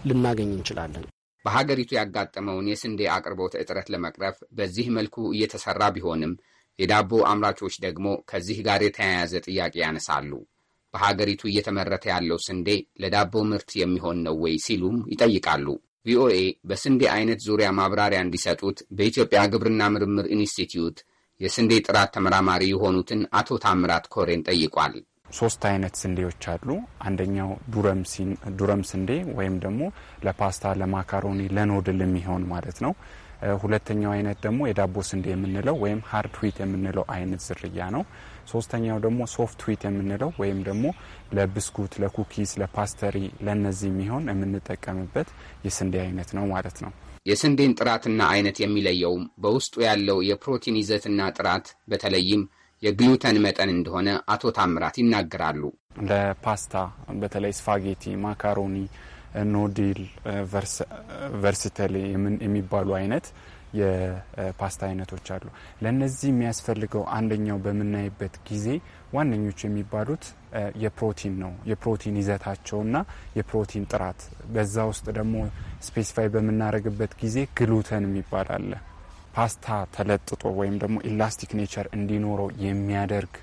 ልናገኝ እንችላለን። በሀገሪቱ ያጋጠመውን የስንዴ አቅርቦት እጥረት ለመቅረፍ በዚህ መልኩ እየተሰራ ቢሆንም የዳቦ አምራቾች ደግሞ ከዚህ ጋር የተያያዘ ጥያቄ ያነሳሉ። በሀገሪቱ እየተመረተ ያለው ስንዴ ለዳቦ ምርት የሚሆን ነው ወይ ሲሉም ይጠይቃሉ። ቪኦኤ በስንዴ አይነት ዙሪያ ማብራሪያ እንዲሰጡት በኢትዮጵያ ግብርና ምርምር ኢንስቲትዩት የስንዴ ጥራት ተመራማሪ የሆኑትን አቶ ታምራት ኮሬን ጠይቋል። ሶስት አይነት ስንዴዎች አሉ። አንደኛው ዱረም ስንዴ ወይም ደግሞ ለፓስታ፣ ለማካሮኒ፣ ለኖድል የሚሆን ማለት ነው። ሁለተኛው አይነት ደግሞ የዳቦ ስንዴ የምንለው ወይም ሀርድ ዊት የምንለው አይነት ዝርያ ነው። ሶስተኛው ደግሞ ሶፍት ዊት የምንለው ወይም ደግሞ ለብስኩት፣ ለኩኪስ፣ ለፓስተሪ ለነዚህ የሚሆን የምንጠቀምበት የስንዴ አይነት ነው ማለት ነው። የስንዴን ጥራትና አይነት የሚለየውም በውስጡ ያለው የፕሮቲን ይዘትና ጥራት በተለይም የግሉተን መጠን እንደሆነ አቶ ታምራት ይናገራሉ። ለፓስታ በተለይ ስፓጌቲ፣ ማካሮኒ፣ ኖዲል፣ ቨርስተሌ የሚባሉ አይነት የፓስታ አይነቶች አሉ። ለእነዚህ የሚያስፈልገው አንደኛው በምናይበት ጊዜ ዋነኞቹ የሚባሉት የፕሮቲን ነው። የፕሮቲን ይዘታቸውና የፕሮቲን ጥራት በዛ ውስጥ ደግሞ ስፔሲፋይ በምናደርግበት ጊዜ ግሉተን የሚባል አለ። ፓስታ ተለጥጦ ወይም ደግሞ ኢላስቲክ ኔቸር እንዲኖረው የሚያደርግ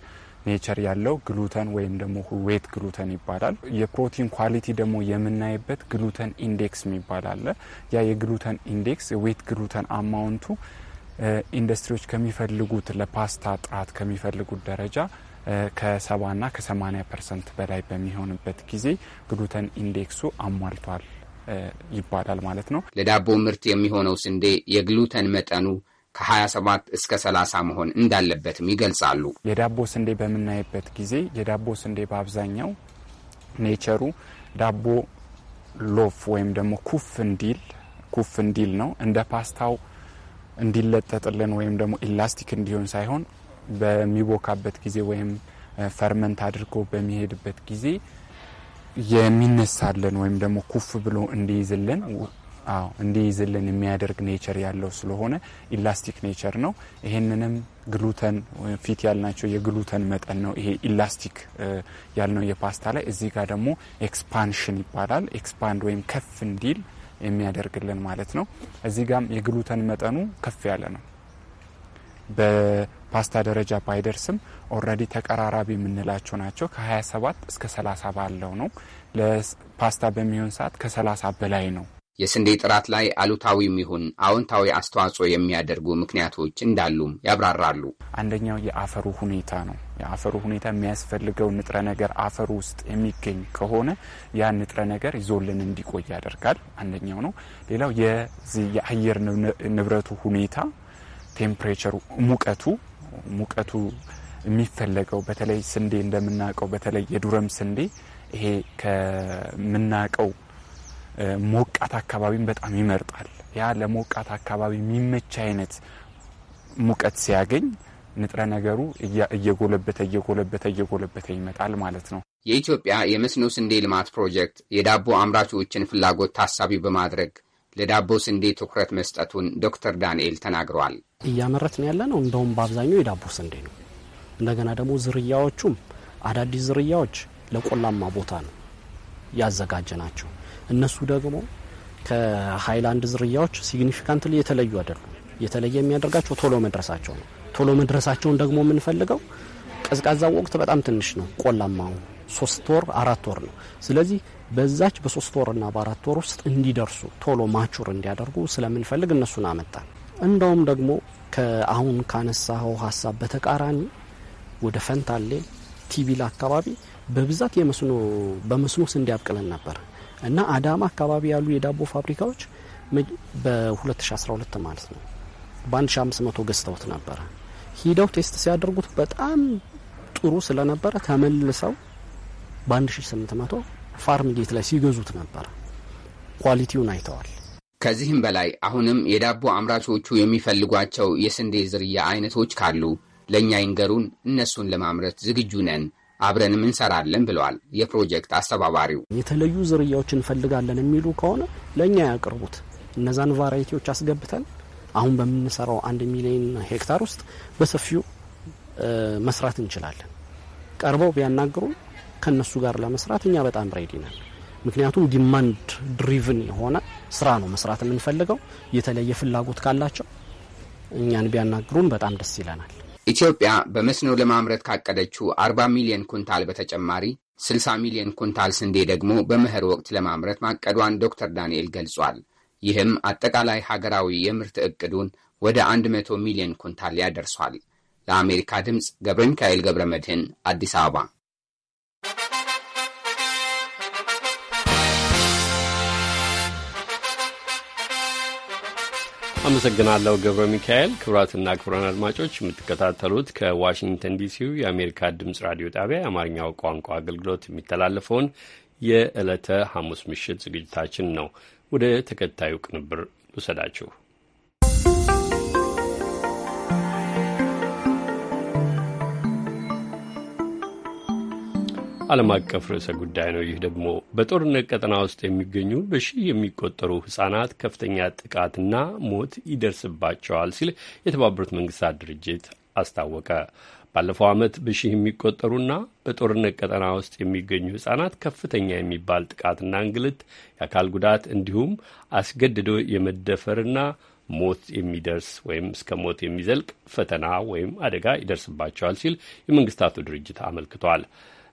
ኔቸር ያለው ግሉተን ወይም ደግሞ ዌት ግሉተን ይባላል። የፕሮቲን ኳሊቲ ደግሞ የምናይበት ግሉተን ኢንዴክስ የሚባል አለ። ያ የግሉተን ኢንዴክስ የዌት ግሉተን አማውንቱ ኢንዱስትሪዎች ከሚፈልጉት ለፓስታ ጥራት ከሚፈልጉት ደረጃ ከሰባና ከሰማኒያ ፐርሰንት በላይ በሚሆንበት ጊዜ ግሉተን ኢንዴክሱ አሟልቷል ይባላል ማለት ነው። ለዳቦ ምርት የሚሆነው ስንዴ የግሉተን መጠኑ ከ27 እስከ 30 መሆን እንዳለበትም ይገልጻሉ። የዳቦ ስንዴ በምናይበት ጊዜ የዳቦ ስንዴ በአብዛኛው ኔቸሩ ዳቦ ሎፍ ወይም ደግሞ ኩፍ እንዲል ኩፍ እንዲል ነው እንደ ፓስታው እንዲለጠጥልን ወይም ደግሞ ኢላስቲክ እንዲሆን ሳይሆን በሚቦካበት ጊዜ ወይም ፈርመንት አድርጎ በሚሄድበት ጊዜ የሚነሳልን ወይም ደግሞ ኩፍ ብሎ እንዲይዝልን አዎ እንዲይዝልን የሚያደርግ ኔቸር ያለው ስለሆነ ኢላስቲክ ኔቸር ነው። ይህንንም ግሉተን ፊት ያልናቸው የግሉተን መጠን ነው ይሄ ኢላስቲክ ያልነው የፓስታ ላይ። እዚህ ጋር ደግሞ ኤክስፓንሽን ይባላል። ኤክስፓንድ ወይም ከፍ እንዲል የሚያደርግልን ማለት ነው። እዚህ ጋም የግሉተን መጠኑ ከፍ ያለ ነው። ፓስታ ደረጃ ባይደርስም ኦልሬዲ ተቀራራቢ የምንላቸው ናቸው። ከ27 እስከ 30 ባለው ነው። ለፓስታ በሚሆን ሰዓት ከ30 በላይ ነው። የስንዴ ጥራት ላይ አሉታዊም ይሁን አዎንታዊ አስተዋጽኦ የሚያደርጉ ምክንያቶች እንዳሉም ያብራራሉ። አንደኛው የአፈሩ ሁኔታ ነው። የአፈሩ ሁኔታ የሚያስፈልገው ንጥረ ነገር አፈሩ ውስጥ የሚገኝ ከሆነ ያ ንጥረ ነገር ይዞልን እንዲቆይ ያደርጋል። አንደኛው ነው። ሌላው የአየር ንብረቱ ሁኔታ ቴምፕሬቸሩ፣ ሙቀቱ ሙቀቱ የሚፈለገው በተለይ ስንዴ እንደምናውቀው በተለይ የዱረም ስንዴ ይሄ ከምናውቀው ሞቃት አካባቢን በጣም ይመርጣል። ያ ለሞቃት አካባቢ የሚመች አይነት ሙቀት ሲያገኝ ንጥረ ነገሩ እየጎለበተ እየጎለበተ እየጎለበተ ይመጣል ማለት ነው። የኢትዮጵያ የመስኖ ስንዴ ልማት ፕሮጀክት የዳቦ አምራቾችን ፍላጎት ታሳቢ በማድረግ ለዳቦ ስንዴ ትኩረት መስጠቱን ዶክተር ዳንኤል ተናግረዋል። እያመረት ነው ያለ ነው። እንደውም በአብዛኛው የዳቦ ስንዴ ነው። እንደገና ደግሞ ዝርያዎቹም አዳዲስ ዝርያዎች ለቆላማ ቦታ ነው ያዘጋጀ ናቸው። እነሱ ደግሞ ከሀይላንድ ዝርያዎች ሲግኒፊካንት የተለዩ አይደሉም። የተለየ የሚያደርጋቸው ቶሎ መድረሳቸው ነው። ቶሎ መድረሳቸውን ደግሞ የምንፈልገው ቀዝቃዛው ወቅት በጣም ትንሽ ነው ቆላማው ሶስት ወር አራት ወር ነው። ስለዚህ በዛች በሶስት ወርና በአራት ወር ውስጥ እንዲደርሱ ቶሎ ማቹር እንዲያደርጉ ስለምንፈልግ እነሱን አመጣን። እንደውም ደግሞ ከአሁን ካነሳኸው ሀሳብ በተቃራኒ ወደ ፈንታሌ ቲቢል አካባቢ በብዛት የመስኖ በመስኖ ስንዴ አብቅለን ነበር እና አዳማ አካባቢ ያሉ የዳቦ ፋብሪካዎች በ2012 ማለት ነው በ1500 ገዝተውት ነበረ። ሂደው ቴስት ሲያደርጉት በጣም ጥሩ ስለነበረ ተመልሰው በ1800 ፋርም ጌት ላይ ሲገዙት ነበር። ኳሊቲውን አይተዋል። ከዚህም በላይ አሁንም የዳቦ አምራቾቹ የሚፈልጓቸው የስንዴ ዝርያ አይነቶች ካሉ ለእኛ ይንገሩን፣ እነሱን ለማምረት ዝግጁ ነን፣ አብረንም እንሰራለን ብለዋል የፕሮጀክት አስተባባሪው። የተለዩ ዝርያዎች እንፈልጋለን የሚሉ ከሆነ ለእኛ ያቅርቡት። እነዛን ቫራይቲዎች አስገብተን አሁን በምንሰራው አንድ ሚሊዮን ሄክታር ውስጥ በሰፊው መስራት እንችላለን። ቀርበው ቢያናግሩን ከነሱ ጋር ለመስራት እኛ በጣም ሬዲ ነን። ምክንያቱም ዲማንድ ድሪቭን የሆነ ስራ ነው መስራት የምንፈልገው። የተለየ ፍላጎት ካላቸው እኛን ቢያናግሩን በጣም ደስ ይለናል። ኢትዮጵያ በመስኖ ለማምረት ካቀደችው 40 ሚሊዮን ኩንታል በተጨማሪ 60 ሚሊዮን ኩንታል ስንዴ ደግሞ በመኸር ወቅት ለማምረት ማቀዷን ዶክተር ዳንኤል ገልጿል። ይህም አጠቃላይ ሀገራዊ የምርት እቅዱን ወደ 100 ሚሊዮን ኩንታል ያደርሷል። ለአሜሪካ ድምፅ ገብረ ሚካኤል ገብረ መድህን አዲስ አበባ አመሰግናለሁ ገብረ ሚካኤል። ክቡራትና ክቡራን አድማጮች የምትከታተሉት ከዋሽንግተን ዲሲው የአሜሪካ ድምፅ ራዲዮ ጣቢያ የአማርኛው ቋንቋ አገልግሎት የሚተላለፈውን የዕለተ ሐሙስ ምሽት ዝግጅታችን ነው። ወደ ተከታዩ ቅንብር ውሰዳችሁ። ዓለም አቀፍ ርዕሰ ጉዳይ ነው። ይህ ደግሞ በጦርነት ቀጠና ውስጥ የሚገኙ በሺህ የሚቆጠሩ ህጻናት ከፍተኛ ጥቃትና ሞት ይደርስባቸዋል ሲል የተባበሩት መንግስታት ድርጅት አስታወቀ። ባለፈው ዓመት በሺህ የሚቆጠሩና በጦርነት ቀጠና ውስጥ የሚገኙ ህጻናት ከፍተኛ የሚባል ጥቃትና እንግልት፣ የአካል ጉዳት እንዲሁም አስገድዶ የመደፈርና ሞት የሚደርስ ወይም እስከ ሞት የሚዘልቅ ፈተና ወይም አደጋ ይደርስባቸዋል ሲል የመንግስታቱ ድርጅት አመልክቷል።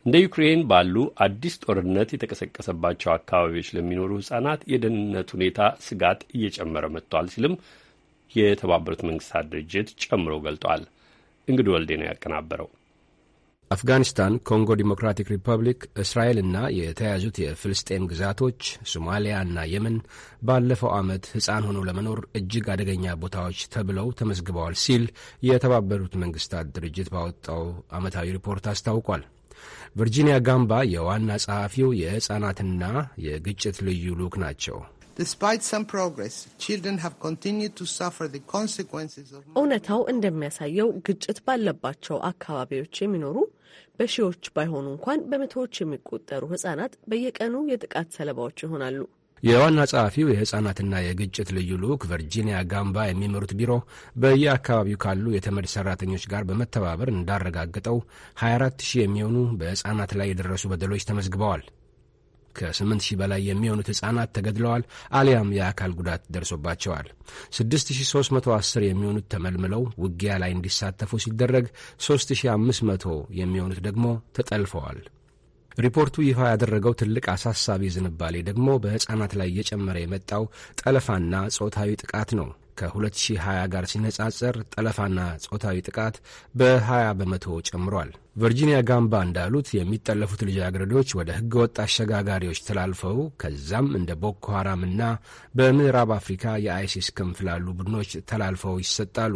እንደ ዩክሬን ባሉ አዲስ ጦርነት የተቀሰቀሰባቸው አካባቢዎች ለሚኖሩ ህጻናት የደህንነት ሁኔታ ስጋት እየጨመረ መጥቷል ሲልም የተባበሩት መንግስታት ድርጅት ጨምሮ ገልጧል። እንግዲ ወልዴ ነው ያቀናበረው። አፍጋኒስታን፣ ኮንጎ ዲሞክራቲክ ሪፐብሊክ፣ እስራኤልና የተያዙት የፍልስጤም ግዛቶች፣ ሶማሊያ እና የመን ባለፈው ዓመት ሕፃን ሆኖ ለመኖር እጅግ አደገኛ ቦታዎች ተብለው ተመዝግበዋል ሲል የተባበሩት መንግስታት ድርጅት ባወጣው ዓመታዊ ሪፖርት አስታውቋል። ቨርጂኒያ ጋምባ የዋና ጸሐፊው የሕፃናትና የግጭት ልዩ ልዑክ ናቸው። እውነታው እንደሚያሳየው ግጭት ባለባቸው አካባቢዎች የሚኖሩ በሺዎች ባይሆኑ እንኳን በመቶዎች የሚቆጠሩ ሕፃናት በየቀኑ የጥቃት ሰለባዎች ይሆናሉ። የዋና ጸሐፊው የሕፃናትና የግጭት ልዩ ልዑክ ቨርጂኒያ ጋምባ የሚመሩት ቢሮ በየአካባቢው ካሉ የተመድ ሠራተኞች ጋር በመተባበር እንዳረጋገጠው 24 ሺህ የሚሆኑ በሕፃናት ላይ የደረሱ በደሎች ተመዝግበዋል። ከ8ሺህ በላይ የሚሆኑት ሕፃናት ተገድለዋል አሊያም የአካል ጉዳት ደርሶባቸዋል። 6310 የሚሆኑት ተመልምለው ውጊያ ላይ እንዲሳተፉ ሲደረግ 3500 የሚሆኑት ደግሞ ተጠልፈዋል። ሪፖርቱ ይፋ ያደረገው ትልቅ አሳሳቢ ዝንባሌ ደግሞ በሕፃናት ላይ እየጨመረ የመጣው ጠለፋና ጾታዊ ጥቃት ነው። ከ2020 ጋር ሲነጻጸር ጠለፋና ጾታዊ ጥቃት በ20 በመቶ ጨምሯል። ቨርጂኒያ ጋምባ እንዳሉት የሚጠለፉት ልጃገረዶች ወደ ሕገወጥ አሸጋጋሪዎች ተላልፈው ከዛም እንደ ቦኮ ሐራምና በምዕራብ አፍሪካ የአይሲስ ክንፍ ላሉ ቡድኖች ተላልፈው ይሰጣሉ።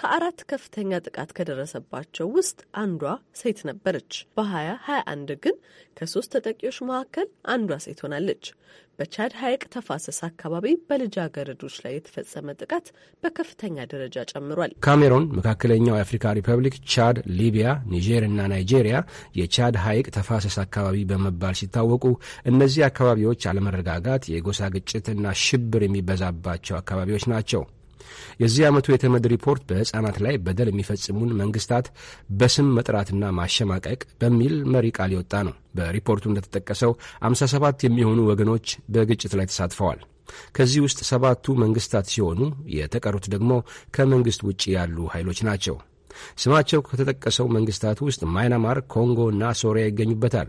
ከአራት ከፍተኛ ጥቃት ከደረሰባቸው ውስጥ አንዷ ሴት ነበረች። በ2021 ግን ከሶስት ተጠቂዎች መካከል አንዷ ሴት ሆናለች። በቻድ ሐይቅ ተፋሰስ አካባቢ በልጃገረዶች ላይ የተፈጸመ ጥቃት በከፍተኛ ደረጃ ጨምሯል። ካሜሮን፣ መካከለኛው የአፍሪካ ሪፐብሊክ፣ ቻድ፣ ሊቢያ፣ ኒጀር እና ናይጄሪያ የቻድ ሐይቅ ተፋሰስ አካባቢ በመባል ሲታወቁ እነዚህ አካባቢዎች አለመረጋጋት፣ የጎሳ ግጭትና ሽብር የሚበዛባቸው አካባቢዎች ናቸው። የዚህ ዓመቱ የተመድ ሪፖርት በሕፃናት ላይ በደል የሚፈጽሙን መንግስታት በስም መጥራትና ማሸማቀቅ በሚል መሪ ቃል የወጣ ነው። በሪፖርቱ እንደተጠቀሰው 57 የሚሆኑ ወገኖች በግጭት ላይ ተሳትፈዋል። ከዚህ ውስጥ ሰባቱ መንግስታት ሲሆኑ የተቀሩት ደግሞ ከመንግስት ውጭ ያሉ ኃይሎች ናቸው። ስማቸው ከተጠቀሰው መንግስታት ውስጥ ማይናማር፣ ኮንጎ እና ሶሪያ ይገኙበታል።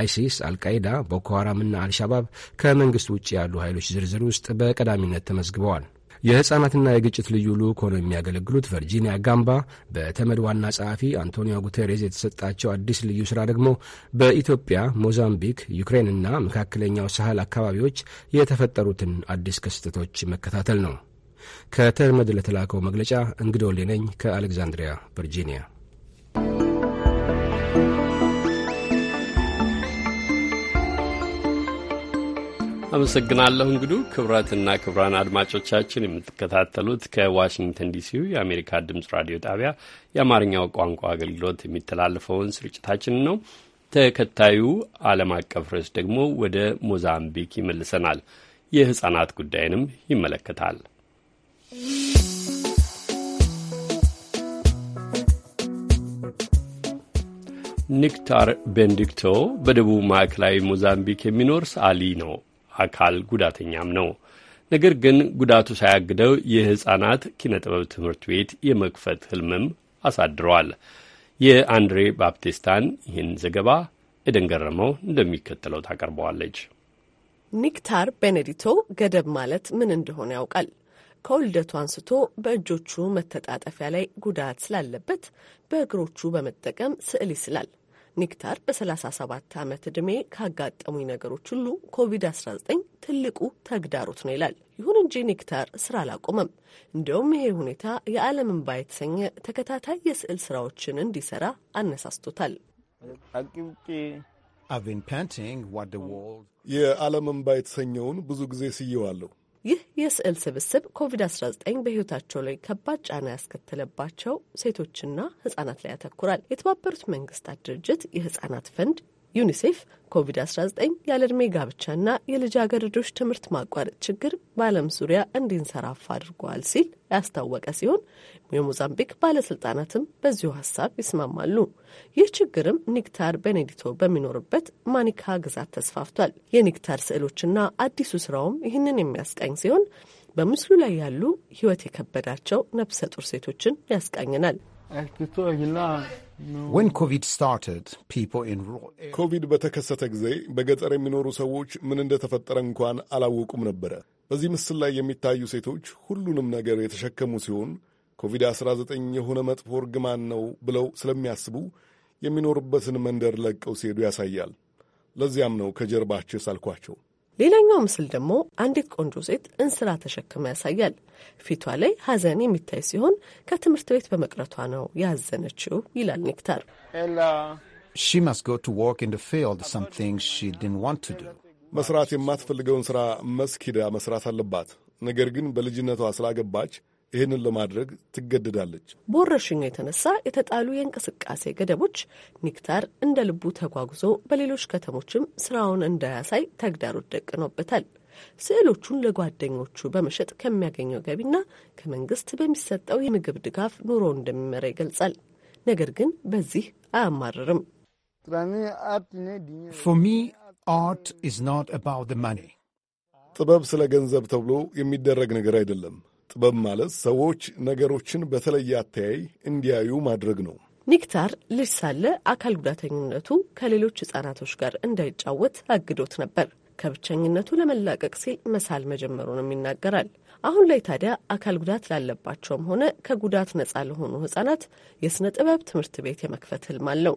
አይሲስ፣ አልቃይዳ፣ ቦኮ እና አልሻባብ ከመንግስት ውጭ ያሉ ኃይሎች ዝርዝር ውስጥ በቀዳሚነት ተመዝግበዋል። የሕፃናትና የግጭት ልዩ ልዑክ ሆነው የሚያገለግሉት ቨርጂኒያ ጋምባ በተመድ ዋና ጸሐፊ አንቶኒዮ ጉቴሬዝ የተሰጣቸው አዲስ ልዩ ሥራ ደግሞ በኢትዮጵያ፣ ሞዛምቢክ፣ ዩክሬንና መካከለኛው ሳህል አካባቢዎች የተፈጠሩትን አዲስ ክስተቶች መከታተል ነው። ከተመድ ለተላከው መግለጫ እንግዶ ሌነኝ ከአሌክዛንድሪያ ቨርጂኒያ አመሰግናለሁ እንግዱ። ክብረትና ክብራን አድማጮቻችን የምትከታተሉት ከዋሽንግተን ዲሲው የአሜሪካ ድምፅ ራዲዮ ጣቢያ የአማርኛው ቋንቋ አገልግሎት የሚተላለፈውን ስርጭታችን ነው። ተከታዩ ዓለም አቀፍ ርዕስ ደግሞ ወደ ሞዛምቢክ ይመልሰናል። የሕፃናት ጉዳይንም ይመለከታል። ኒክታር ቤንዲክቶ በደቡብ ማዕከላዊ ሞዛምቢክ የሚኖር ሰዓሊ ነው። አካል ጉዳተኛም ነው። ነገር ግን ጉዳቱ ሳያግደው የሕፃናት ኪነ ጥበብ ትምህርት ቤት የመክፈት ህልምም አሳድረዋል። የአንድሬ ባፕቲስታን ይህን ዘገባ ኤደን ገረመው እንደሚከተለው ታቀርበዋለች። ኒክታር ቤኔዲቶ ገደብ ማለት ምን እንደሆነ ያውቃል። ከውልደቱ አንስቶ በእጆቹ መተጣጠፊያ ላይ ጉዳት ስላለበት በእግሮቹ በመጠቀም ስዕል ይስላል። ኒክታር በ37 ዓመት ዕድሜ ካጋጠሙኝ ነገሮች ሁሉ ኮቪድ-19 ትልቁ ተግዳሮት ነው ይላል። ይሁን እንጂ ኒክታር ስራ አላቆመም። እንዲያውም ይሄ ሁኔታ የዓለም እንባ የተሰኘ ተከታታይ የስዕል ስራዎችን እንዲሰራ አነሳስቶታል። የዓለም እንባ የተሰኘውን ብዙ ጊዜ ስየዋለሁ። ይህ የስዕል ስብስብ ኮቪድ-19 በህይወታቸው ላይ ከባድ ጫና ያስከተለባቸው ሴቶችና ህጻናት ላይ ያተኩራል። የተባበሩት መንግስታት ድርጅት የህጻናት ፈንድ ዩኒሴፍ ኮቪድ-19 ያለ ዕድሜ ጋብቻና የልጃገረዶች ትምህርት ማቋረጥ ችግር በዓለም ዙሪያ እንዲንሰራፋ አድርጓል ሲል ያስታወቀ ሲሆን የሞዛምቢክ ባለስልጣናትም በዚሁ ሀሳብ ይስማማሉ። ይህ ችግርም ኒክታር ቤኔዲቶ በሚኖርበት ማኒካ ግዛት ተስፋፍቷል። የኒክታር ስዕሎችና አዲሱ ስራውም ይህንን የሚያስቃኝ ሲሆን በምስሉ ላይ ያሉ ህይወት የከበዳቸው ነፍሰ ጡር ሴቶችን ያስቃኝናል። ኮቪድ በተከሰተ ጊዜ በገጠር የሚኖሩ ሰዎች ምን እንደተፈጠረ እንኳን አላወቁም ነበረ። በዚህ ምስል ላይ የሚታዩ ሴቶች ሁሉንም ነገር የተሸከሙ ሲሆን ኮቪድ-19 የሆነ መጥፎ እርግማን ነው ብለው ስለሚያስቡ የሚኖሩበትን መንደር ለቀው ሲሄዱ ያሳያል። ለዚያም ነው ከጀርባቸው ሳልኳቸው። ሌላኛው ምስል ደግሞ አንዲት ቆንጆ ሴት እንስራ ተሸክማ ያሳያል። ፊቷ ላይ ሐዘን የሚታይ ሲሆን ከትምህርት ቤት በመቅረቷ ነው ያዘነችው ይላል ኔክታር። መስራት የማትፈልገውን ሥራ መስክ ሂዳ መስራት አለባት። ነገር ግን በልጅነቷ ስላገባች ይህንን ለማድረግ ትገደዳለች። በወረርሽኛ የተነሳ የተጣሉ የእንቅስቃሴ ገደቦች ኒክታር እንደ ልቡ ተጓጉዞ በሌሎች ከተሞችም ስራውን እንዳያሳይ ተግዳሮት ደቅኖበታል። ስዕሎቹን ለጓደኞቹ በመሸጥ ከሚያገኘው ገቢና ከመንግስት በሚሰጠው የምግብ ድጋፍ ኑሮ እንደሚመራ ይገልጻል። ነገር ግን በዚህ አያማርርም። ጥበብ ስለ ገንዘብ ተብሎ የሚደረግ ነገር አይደለም። ጥበብ ማለት ሰዎች ነገሮችን በተለየ አተያይ እንዲያዩ ማድረግ ነው። ኒክታር ልጅ ሳለ አካል ጉዳተኝነቱ ከሌሎች ህጻናቶች ጋር እንዳይጫወት አግዶት ነበር። ከብቸኝነቱ ለመላቀቅ ሲል መሳል መጀመሩንም ይናገራል። አሁን ላይ ታዲያ አካል ጉዳት ላለባቸውም ሆነ ከጉዳት ነጻ ለሆኑ ህጻናት የሥነ ጥበብ ትምህርት ቤት የመክፈት ህልም አለው።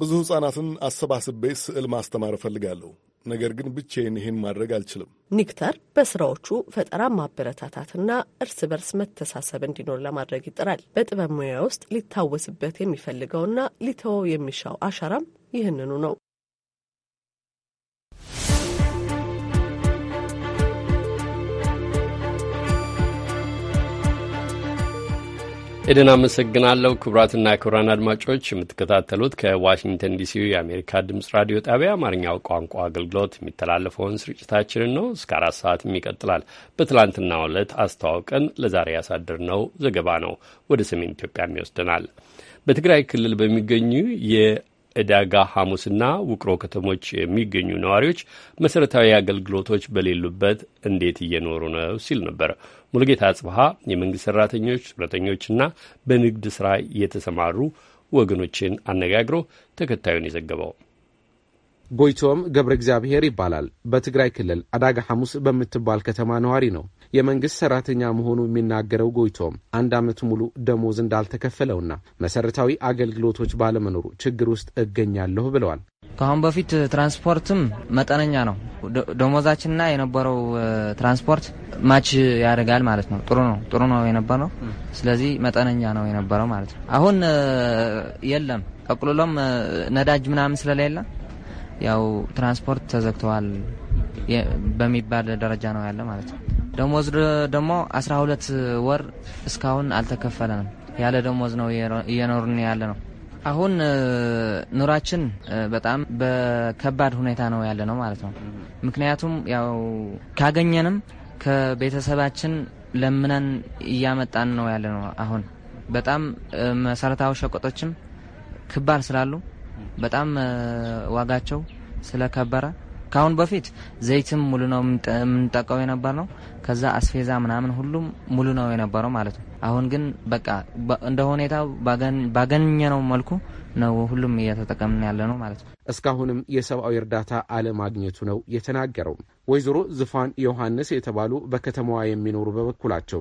ብዙ ሕፃናትን አሰባስቤ ስዕል ማስተማር እፈልጋለሁ፣ ነገር ግን ብቻዬን ይህን ማድረግ አልችልም። ኒክተር በስራዎቹ ፈጠራ ማበረታታትና እርስ በርስ መተሳሰብ እንዲኖር ለማድረግ ይጥራል። በጥበብ ሙያ ውስጥ ሊታወስበት የሚፈልገውና ሊተወው የሚሻው አሻራም ይህንኑ ነው። ኤደን አመሰግናለሁ። ክቡራትና ክቡራን አድማጮች የምትከታተሉት ከዋሽንግተን ዲሲ የአሜሪካ ድምጽ ራዲዮ ጣቢያ አማርኛው ቋንቋ አገልግሎት የሚተላለፈውን ስርጭታችንን ነው። እስከ አራት ሰዓትም ይቀጥላል። በትላንትናው ዕለት አስተዋውቀን ለዛሬ ያሳደርነው ዘገባ ነው ወደ ሰሜን ኢትዮጵያም ይወስደናል። በትግራይ ክልል በሚገኙ ዕዳጋ ሐሙስና ውቅሮ ከተሞች የሚገኙ ነዋሪዎች መሠረታዊ አገልግሎቶች በሌሉበት እንዴት እየኖሩ ነው ሲል ነበር ሙሉጌታ አጽብሃ የመንግሥት ሠራተኞች፣ ጡረተኞችና በንግድ ሥራ የተሰማሩ ወገኖችን አነጋግሮ ተከታዩን የዘገበው ጎይቶም ገብረ እግዚአብሔር ይባላል። በትግራይ ክልል አዳጋ ሐሙስ በምትባል ከተማ ነዋሪ ነው። የመንግሥት ሠራተኛ መሆኑ የሚናገረው ጎይቶም አንድ ዓመት ሙሉ ደሞዝ እንዳልተከፈለውና መሠረታዊ አገልግሎቶች ባለመኖሩ ችግር ውስጥ እገኛለሁ ብለዋል። ከአሁን በፊት ትራንስፖርትም መጠነኛ ነው። ደሞዛችንና የነበረው ትራንስፖርት ማች ያደርጋል ማለት ነው። ጥሩ ነው ጥሩ ነው የነበረው። ስለዚህ መጠነኛ ነው የነበረው ማለት ነው። አሁን የለም ጠቅልሎም ነዳጅ ምናምን ስለሌለ ያው ትራንስፖርት ተዘግተዋል በሚባል ደረጃ ነው ያለ ማለት ነው። ደሞዝ ደግሞ 12 ወር እስካሁን አልተከፈለንም። ያለ ደሞዝ ነው እየኖርን ያለ ነው። አሁን ኑራችን በጣም በከባድ ሁኔታ ነው ያለ ነው ማለት ነው። ምክንያቱም ያው ካገኘንም ከቤተሰባችን ለምነን እያመጣን ነው ያለ ነው። አሁን በጣም መሰረታዊ ሸቀጦችም ክባር ስላሉ በጣም ዋጋቸው ስለከበረ ከአሁን በፊት ዘይትም ሙሉ ነው የምንጠቀው የነበር ነው። ከዛ አስፌዛ ምናምን ሁሉም ሙሉ ነው የነበረው ማለት ነው። አሁን ግን በቃ እንደ ሁኔታው ነው መልኩ ነው ሁሉም እየተጠቀምን ያለ ነው ማለት ነው። እስካሁንም የሰብአዊ እርዳታ አለማግኘቱ ነው የተናገረው። ወይዘሮ ዝፋን ዮሐንስ የተባሉ በከተማዋ የሚኖሩ በበኩላቸው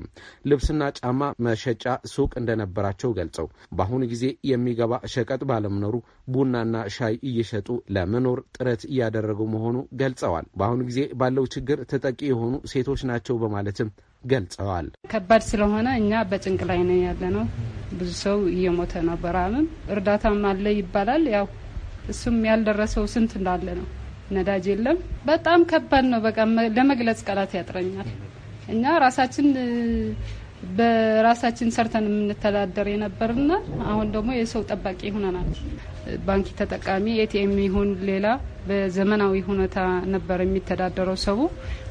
ልብስና ጫማ መሸጫ ሱቅ እንደነበራቸው ገልጸው በአሁኑ ጊዜ የሚገባ ሸቀጥ ባለመኖሩ ቡናና ሻይ እየሸጡ ለመኖር ጥረት እያደረጉ መሆኑ ገልጸዋል። በአሁኑ ጊዜ ባለው ችግር ተጠቂ የሆኑ ሴቶች ናቸው በማለትም ገልጸዋል። ከባድ ስለሆነ እኛ በጭንቅ ላይ ነው ያለ ነው። ብዙ ሰው እየሞተ ነው በረሃብም እርዳታም አለ ይባላል። ያው እሱም ያልደረሰው ስንት እንዳለ ነው። ነዳጅ የለም። በጣም ከባድ ነው። በቃ ለመግለጽ ቃላት ያጥረኛል። እኛ ራሳችን በራሳችን ሰርተን የምንተዳደር የነበርና አሁን ደግሞ የሰው ጠባቂ ሆነናል። ባንክ ተጠቃሚ ኤቲኤም ይሁን ሌላ በዘመናዊ ሁኔታ ነበር የሚተዳደረው ሰው።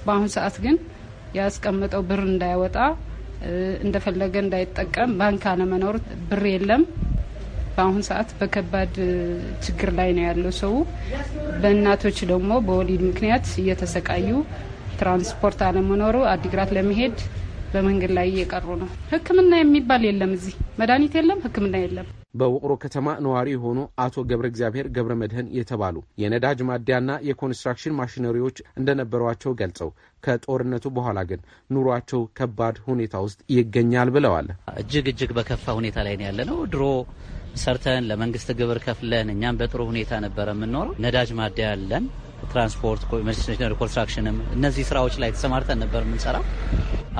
በአሁን ሰዓት ግን ያስቀመጠው ብር እንዳያወጣ እንደፈለገ እንዳይጠቀም ባንክ አለመኖር ብር የለም። በአሁን ሰዓት በከባድ ችግር ላይ ነው ያለው ሰው። በእናቶች ደግሞ በወሊድ ምክንያት እየተሰቃዩ ትራንስፖርት አለመኖሩ አዲግራት ለመሄድ በመንገድ ላይ እየቀሩ ነው። ሕክምና የሚባል የለም እዚህ መድኃኒት የለም፣ ሕክምና የለም። በውቅሮ ከተማ ነዋሪ የሆኑ አቶ ገብረ እግዚአብሔር ገብረ መድህን የተባሉ የነዳጅ ማደያና የኮንስትራክሽን ማሽነሪዎች እንደነበሯቸው ገልጸው ከጦርነቱ በኋላ ግን ኑሯቸው ከባድ ሁኔታ ውስጥ ይገኛል ብለዋል። እጅግ እጅግ በከፋ ሁኔታ ላይ ነው ነው። ድሮ ሰርተን ለመንግስት ግብር ከፍለን እኛም በጥሩ ሁኔታ ነበረ የምንኖረው። ነዳጅ ማደያ ያለን ትራንስፖርት፣ ኮንስትራክሽንም እነዚህ ስራዎች ላይ ተሰማርተን ነበር የምንሰራ።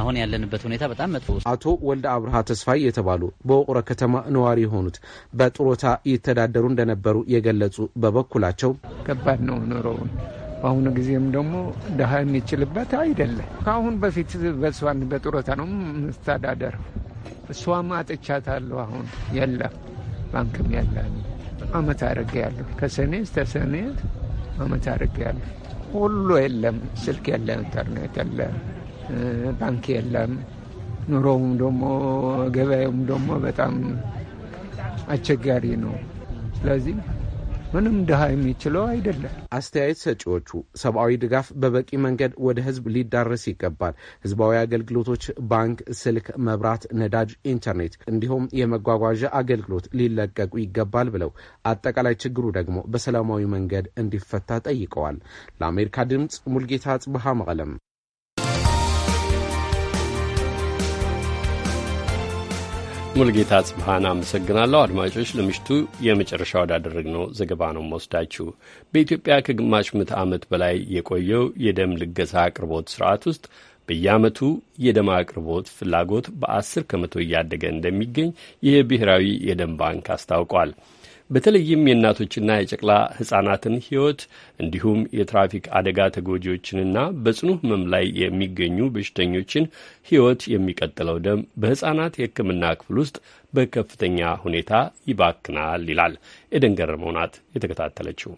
አሁን ያለንበት ሁኔታ በጣም መጥፎ። አቶ ወልደ አብርሃ ተስፋይ የተባሉ በውቅረ ከተማ ነዋሪ የሆኑት በጡረታ ይተዳደሩ እንደነበሩ የገለጹ በበኩላቸው ከባድ ነው ኑሮውን በአሁኑ ጊዜም ደግሞ ድሀ የሚችልበት አይደለም። ከአሁን በፊት በእሷን በጡረታ ነው የምስተዳደረው። እሷም አጥቻታለሁ። አሁን የለም ባንክም ያለ አመት አድርጌ ያለሁ ከሰኔ እስከ ሰኔ አመት አድርጌ ያለሁ ሁሉ የለም። ስልክ የለ፣ ኢንተርኔት የለ ባንክ የለም። ኑሮውም ደሞ ገበያውም ደግሞ በጣም አስቸጋሪ ነው። ስለዚህ ምንም ድሃ የሚችለው አይደለም። አስተያየት ሰጪዎቹ ሰብአዊ ድጋፍ በበቂ መንገድ ወደ ህዝብ ሊዳረስ ይገባል። ህዝባዊ አገልግሎቶች፣ ባንክ፣ ስልክ፣ መብራት፣ ነዳጅ፣ ኢንተርኔት እንዲሁም የመጓጓዣ አገልግሎት ሊለቀቁ ይገባል ብለው አጠቃላይ ችግሩ ደግሞ በሰላማዊ መንገድ እንዲፈታ ጠይቀዋል። ለአሜሪካ ድምፅ ሙልጌታ ጽብሃ መቀለም ሙልጌታ ጽብሃን አመሰግናለሁ። አድማጮች ለምሽቱ የመጨረሻ ወዳደረግነው ዘገባ ነው መወስዳችሁ። በኢትዮጵያ ከግማሽ ምዕተ ዓመት በላይ የቆየው የደም ልገሳ አቅርቦት ስርዓት ውስጥ በየዓመቱ የደም አቅርቦት ፍላጎት በአስር ከመቶ እያደገ እንደሚገኝ ይህ ብሔራዊ የደም ባንክ አስታውቋል። በተለይም የእናቶችና የጨቅላ ሕፃናትን ሕይወት እንዲሁም የትራፊክ አደጋ ተጎጂዎችንና በጽኑ ሕመም ላይ የሚገኙ በሽተኞችን ሕይወት የሚቀጥለው ደም በሕፃናት የሕክምና ክፍል ውስጥ በከፍተኛ ሁኔታ ይባክናል ይላል። ኤደን ገረመው ናት የተከታተለችው።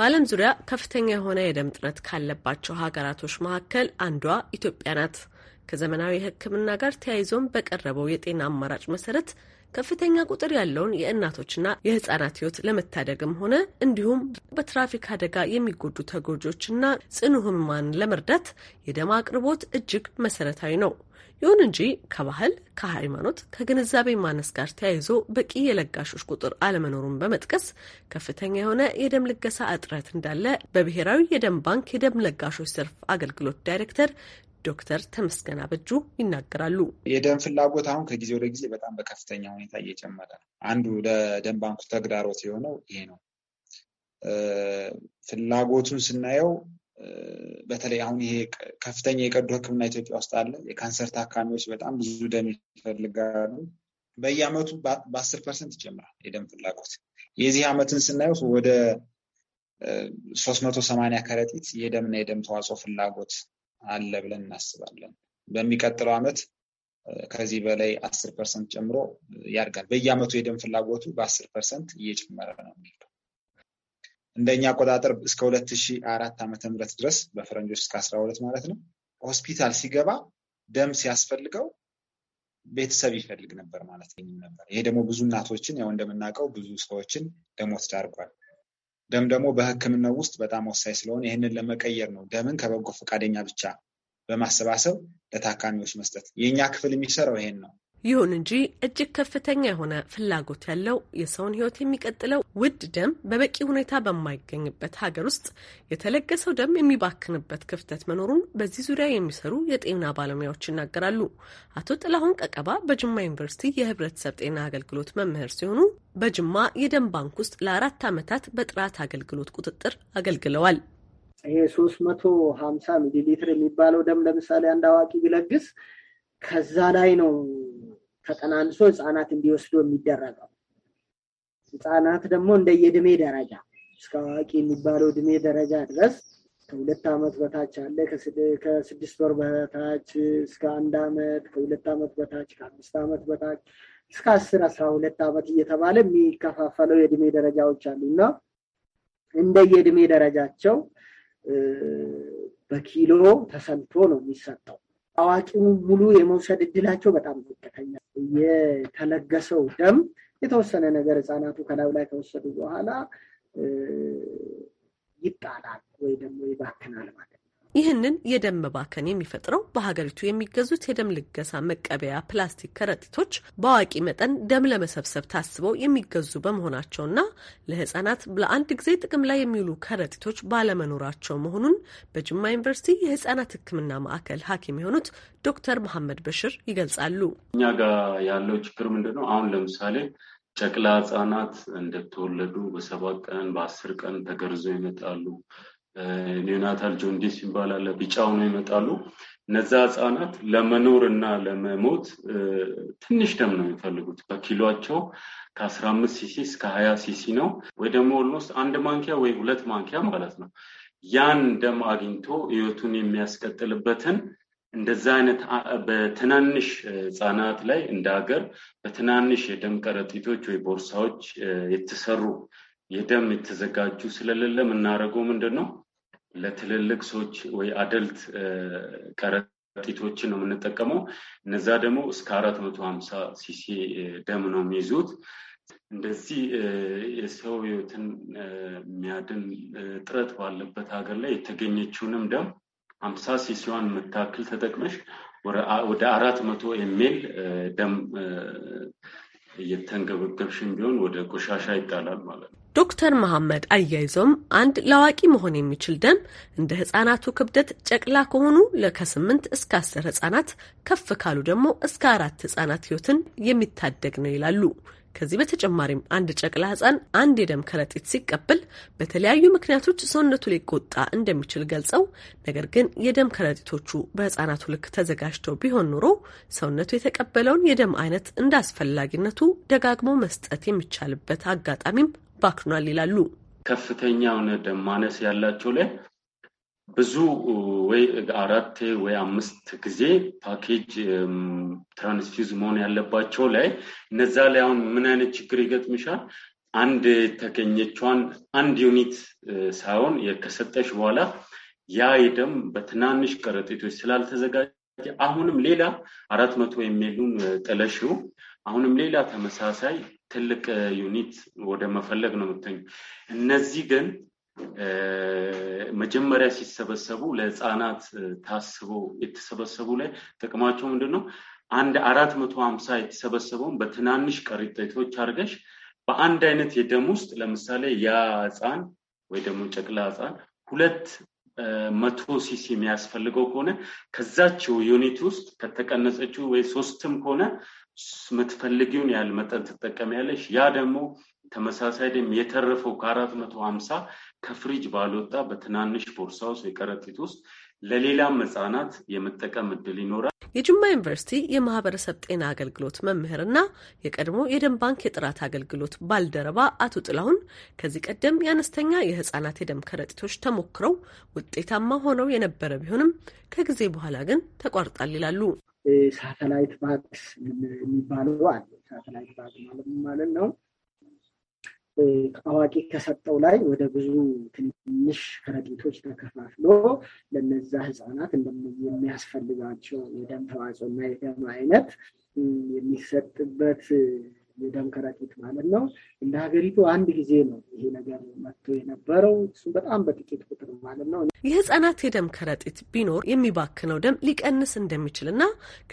በዓለም ዙሪያ ከፍተኛ የሆነ የደም ጥረት ካለባቸው ሀገራቶች መካከል አንዷ ኢትዮጵያ ናት። ከዘመናዊ ሕክምና ጋር ተያይዞም በቀረበው የጤና አማራጭ መሰረት ከፍተኛ ቁጥር ያለውን የእናቶችና የህጻናት ህይወት ለመታደግም ሆነ እንዲሁም በትራፊክ አደጋ የሚጎዱ ተጎጆችና ጽኑ ህሙማን ለመርዳት የደም አቅርቦት እጅግ መሰረታዊ ነው። ይሁን እንጂ ከባህል፣ ከሃይማኖት፣ ከግንዛቤ ማነስ ጋር ተያይዞ በቂ የለጋሾች ቁጥር አለመኖሩን በመጥቀስ ከፍተኛ የሆነ የደም ልገሳ እጥረት እንዳለ በብሔራዊ የደም ባንክ የደም ለጋሾች ዘርፍ አገልግሎት ዳይሬክተር ዶክተር ተመስገን አበጁ ይናገራሉ። የደም ፍላጎት አሁን ከጊዜ ወደ ጊዜ በጣም በከፍተኛ ሁኔታ እየጨመረ ነው። አንዱ ለደም ባንኩ ተግዳሮት የሆነው ይሄ ነው። ፍላጎቱን ስናየው በተለይ አሁን ይሄ ከፍተኛ የቀዶ ሕክምና ኢትዮጵያ ውስጥ አለ። የካንሰር ታካሚዎች በጣም ብዙ ደም ይፈልጋሉ። በየአመቱ በአስር ፐርሰንት ይጨምራል የደም ፍላጎት። የዚህ አመትን ስናየው ወደ ሶስት መቶ ሰማንያ ከረጢት የደምና የደም ተዋጽኦ ፍላጎት አለ ብለን እናስባለን። በሚቀጥለው ዓመት ከዚህ በላይ አስር ፐርሰንት ጨምሮ ያድጋል። በየዓመቱ የደም ፍላጎቱ በአስር ፐርሰንት እየጨመረ ነው የሚለው እንደኛ አቆጣጠር እስከ ሁለት ሺ አራት ዓመተ ምህረት ድረስ በፈረንጆች እስከ አስራ ሁለት ማለት ነው ሆስፒታል ሲገባ ደም ሲያስፈልገው ቤተሰብ ይፈልግ ነበር ማለት ነበር። ይሄ ደግሞ ብዙ እናቶችን ያው እንደምናውቀው ብዙ ሰዎችን ለሞት ዳርጓል። ደም ደግሞ በህክምናው ውስጥ በጣም ወሳኝ ስለሆነ ይህንን ለመቀየር ነው ደምን ከበጎ ፈቃደኛ ብቻ በማሰባሰብ ለታካሚዎች መስጠት። የእኛ ክፍል የሚሰራው ይሄን ነው። ይሁን እንጂ እጅግ ከፍተኛ የሆነ ፍላጎት ያለው የሰውን ሕይወት የሚቀጥለው ውድ ደም በበቂ ሁኔታ በማይገኝበት ሀገር ውስጥ የተለገሰው ደም የሚባክንበት ክፍተት መኖሩን በዚህ ዙሪያ የሚሰሩ የጤና ባለሙያዎች ይናገራሉ። አቶ ጥላሁን ቀቀባ በጅማ ዩኒቨርሲቲ የህብረተሰብ ጤና አገልግሎት መምህር ሲሆኑ በጅማ የደም ባንክ ውስጥ ለአራት ዓመታት በጥራት አገልግሎት ቁጥጥር አገልግለዋል። ይሄ ሶስት መቶ ሀምሳ ሚሊ ሊትር የሚባለው ደም ለምሳሌ አንድ አዋቂ ቢለግስ ከዛ ላይ ነው ተጠናንሶ ህፃናት እንዲወስዱ የሚደረገው። ህፃናት ደግሞ እንደ የድሜ ደረጃ እስከ አዋቂ የሚባለው እድሜ ደረጃ ድረስ ከሁለት ዓመት በታች አለ። ከስድስት ወር በታች እስከ አንድ ዓመት፣ ከሁለት ዓመት በታች፣ ከአምስት ዓመት በታች እስከ አስር አስራ ሁለት ዓመት እየተባለ የሚከፋፈለው የእድሜ ደረጃዎች አሉ እና እንደየእድሜ ደረጃቸው በኪሎ ተሰልቶ ነው የሚሰጠው። አዋቂ ሙሉ የመውሰድ እድላቸው በጣም ዝቅተኛ የተለገሰው ደም የተወሰነ ነገር ህፃናቱ ከላዩ ላይ ከወሰዱ በኋላ ይጣላል ወይ ደግሞ ይባክናል ማለት ይህንን የደም መባከን የሚፈጥረው በሀገሪቱ የሚገዙት የደም ልገሳ መቀበያ ፕላስቲክ ከረጢቶች በአዋቂ መጠን ደም ለመሰብሰብ ታስበው የሚገዙ በመሆናቸውና ለህጻናት ለአንድ ጊዜ ጥቅም ላይ የሚውሉ ከረጢቶች ባለመኖራቸው መሆኑን በጅማ ዩኒቨርሲቲ የህጻናት ህክምና ማዕከል ሐኪም የሆኑት ዶክተር መሐመድ በሽር ይገልጻሉ። እኛ ጋር ያለው ችግር ምንድን ነው? አሁን ለምሳሌ ጨቅላ ህጻናት እንደተወለዱ በሰባት ቀን በአስር ቀን ተገርዘው ይመጣሉ። ኒዮናታል ጆንዲስ ይባላል። ቢጫው ነው ይመጣሉ። እነዛ ህፃናት ለመኖር እና ለመሞት ትንሽ ደም ነው የሚፈልጉት። በኪሏቸው ከአስራ አምስት ሲሲ እስከ ሀያ ሲሲ ነው ወይ ደግሞ ኦልሞስት አንድ ማንኪያ ወይ ሁለት ማንኪያ ማለት ነው። ያን ደም አግኝቶ ህይወቱን የሚያስቀጥልበትን እንደዛ አይነት በትናንሽ ህፃናት ላይ እንደ ሀገር በትናንሽ የደም ከረጢቶች ወይ ቦርሳዎች የተሰሩ የደም የተዘጋጁ ስለሌለ የምናደርገው ምንድን ነው? ለትልልቅ ሰዎች ወይ አደልት ከረጢቶችን ነው የምንጠቀመው። እነዛ ደግሞ እስከ አራት መቶ ሀምሳ ሲሲ ደም ነው የሚይዙት። እንደዚህ የሰው ህይወትን የሚያድን ጥረት ባለበት ሀገር ላይ የተገኘችውንም ደም ሀምሳ ሲሲዋን የምታክል ተጠቅመሽ ወደ አራት መቶ የሚል ደም እየተንገበገብሽም ቢሆን ወደ ቆሻሻ ይጣላል ማለት ነው። ዶክተር መሐመድ አያይዘውም አንድ ለአዋቂ መሆን የሚችል ደም እንደ ህጻናቱ ክብደት ጨቅላ ከሆኑ ከስምንት እስከ አስር ህጻናት ከፍ ካሉ ደግሞ እስከ አራት ህጻናት ህይወትን የሚታደግ ነው ይላሉ። ከዚህ በተጨማሪም አንድ ጨቅላ ህጻን አንድ የደም ከረጢት ሲቀበል በተለያዩ ምክንያቶች ሰውነቱ ሊቆጣ እንደሚችል ገልጸው፣ ነገር ግን የደም ከረጢቶቹ በህጻናቱ ልክ ተዘጋጅተው ቢሆን ኖሮ ሰውነቱ የተቀበለውን የደም አይነት እንደ አስፈላጊነቱ ደጋግሞ መስጠት የሚቻልበት አጋጣሚም ባክኗል ይላሉ። ከፍተኛ የሆነ ደም ማነስ ያላቸው ላይ ብዙ ወይ አራት ወይ አምስት ጊዜ ፓኬጅ ትራንስፊውዝ መሆን ያለባቸው ላይ እነዛ ላይ አሁን ምን አይነት ችግር ይገጥምሻል? አንድ የተገኘቿን አንድ ዩኒት ሳይሆን ከሰጠሽ በኋላ ያ የደም በትናንሽ ከረጢቶች ስላልተዘጋጀ አሁንም ሌላ አራት መቶ የሚሉን ጥለሽው አሁንም ሌላ ተመሳሳይ ትልቅ ዩኒት ወደ መፈለግ ነው የምትኙ። እነዚህ ግን መጀመሪያ ሲሰበሰቡ ለህፃናት ታስቦ የተሰበሰቡ ላይ ጥቅማቸው ምንድን ነው? አንድ አራት መቶ ሀምሳ የተሰበሰበውን በትናንሽ ከረጢቶች አድርገሽ በአንድ አይነት የደም ውስጥ ለምሳሌ ያ ህፃን ወይ ደግሞ ጨቅላ ህፃን ሁለት መቶ ሲሲ የሚያስፈልገው ከሆነ ከዛችው ዩኒት ውስጥ ከተቀነሰችው ወይ ሶስትም ከሆነ የምትፈልጊውን ያህል መጠን ትጠቀሚያለሽ። ያ ደግሞ ተመሳሳይ ደም የተረፈው ከአራት መቶ ሀምሳ ከፍሪጅ ባልወጣ በትናንሽ ቦርሳ ውስጥ የከረጢት ውስጥ ለሌላም ህጻናት የመጠቀም እድል ይኖራል። የጅማ ዩኒቨርሲቲ የማህበረሰብ ጤና አገልግሎት መምህርና የቀድሞ የደም ባንክ የጥራት አገልግሎት ባልደረባ አቶ ጥላሁን ከዚህ ቀደም የአነስተኛ የህጻናት የደም ከረጢቶች ተሞክረው ውጤታማ ሆነው የነበረ ቢሆንም ከጊዜ በኋላ ግን ተቋርጣል ይላሉ። ሳተላይት ባክስ የሚባለው አለ። ሳተላይት ማለት ማለት ነው አዋቂ ከሰጠው ላይ ወደ ብዙ ትንሽ ከረጢቶች ተከፋፍሎ ለነዛ ህፃናት የሚያስፈልጋቸው የደም እና የደም አይነት የሚሰጥበት የደም ከረጢት ማለት ነው። እንደ ሀገሪቱ አንድ ጊዜ ነው ይሄ ነገር መጥቶ የነበረው እሱም በጣም በጥቂት ቁጥር ማለት ነው። የህጻናት የደም ከረጢት ቢኖር የሚባክነው ደም ሊቀንስ እንደሚችል እና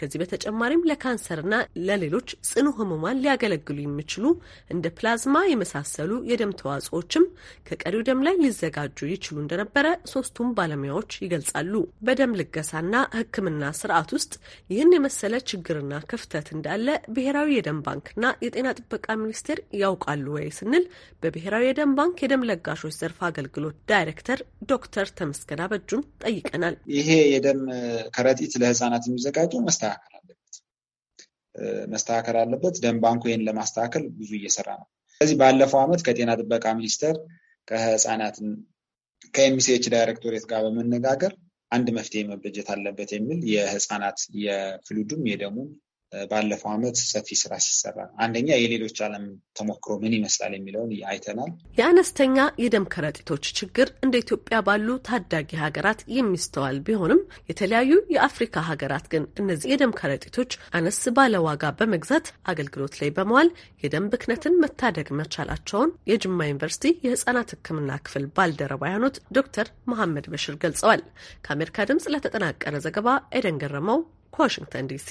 ከዚህ በተጨማሪም ለካንሰርና ለሌሎች ጽኑ ህሙማን ሊያገለግሉ የሚችሉ እንደ ፕላዝማ የመሳሰሉ የደም ተዋጽኦችም ከቀሪው ደም ላይ ሊዘጋጁ ይችሉ እንደነበረ ሶስቱም ባለሙያዎች ይገልጻሉ። በደም ልገሳና ህክምና ስርዓት ውስጥ ይህን የመሰለ ችግርና ክፍተት እንዳለ ብሔራዊ የደም ባንክና የጤና ጥበቃ ሚኒስቴር ያውቃሉ ወይ ስንል በብሔራዊ የደም ባንክ የደም ለጋሾች ዘርፍ አገልግሎት ዳይሬክተር ዶክተር ተመስገን አበጁን ጠይቀናል። ይሄ የደም ከረጢት ለህፃናት የሚዘጋጀው መስተካከል አለበት መስተካከል አለበት። ደም ባንኩ ይህን ለማስተካከል ብዙ እየሰራ ነው። ስለዚህ ባለፈው ዓመት ከጤና ጥበቃ ሚኒስቴር ከህፃናት ከኤምሲኤች ዳይሬክቶሬት ጋር በመነጋገር አንድ መፍትሄ መበጀት አለበት የሚል የህፃናት የፍሉዱም የደሙም ባለፈው ዓመት ሰፊ ስራ ሲሰራ አንደኛ የሌሎች ዓለም ተሞክሮ ምን ይመስላል የሚለውን አይተናል። የአነስተኛ የደም ከረጢቶች ችግር እንደ ኢትዮጵያ ባሉ ታዳጊ ሀገራት የሚስተዋል ቢሆንም የተለያዩ የአፍሪካ ሀገራት ግን እነዚህ የደም ከረጢቶች አነስ ባለ ዋጋ በመግዛት አገልግሎት ላይ በመዋል የደም ብክነትን መታደግ መቻላቸውን የጅማ ዩኒቨርሲቲ የህጻናት ሕክምና ክፍል ባልደረባ የሆኑት ዶክተር መሐመድ በሽር ገልጸዋል። ከአሜሪካ ድምጽ ለተጠናቀረ ዘገባ ኤደን ገረመው ከዋሽንግተን ዲሲ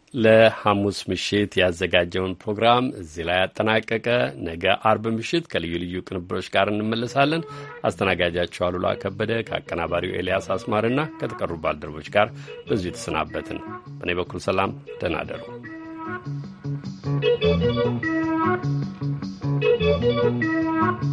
ለሐሙስ ምሽት ያዘጋጀውን ፕሮግራም እዚህ ላይ ያጠናቀቀ። ነገ አርብ ምሽት ከልዩ ልዩ ቅንብሮች ጋር እንመለሳለን። አስተናጋጃቸው አሉላ ከበደ ከአቀናባሪው ኤልያስ አስማርና ከተቀሩ ባልደረቦች ጋር በዚሁ የተሰናበትን። በእኔ በኩል ሰላም፣ ደህና you.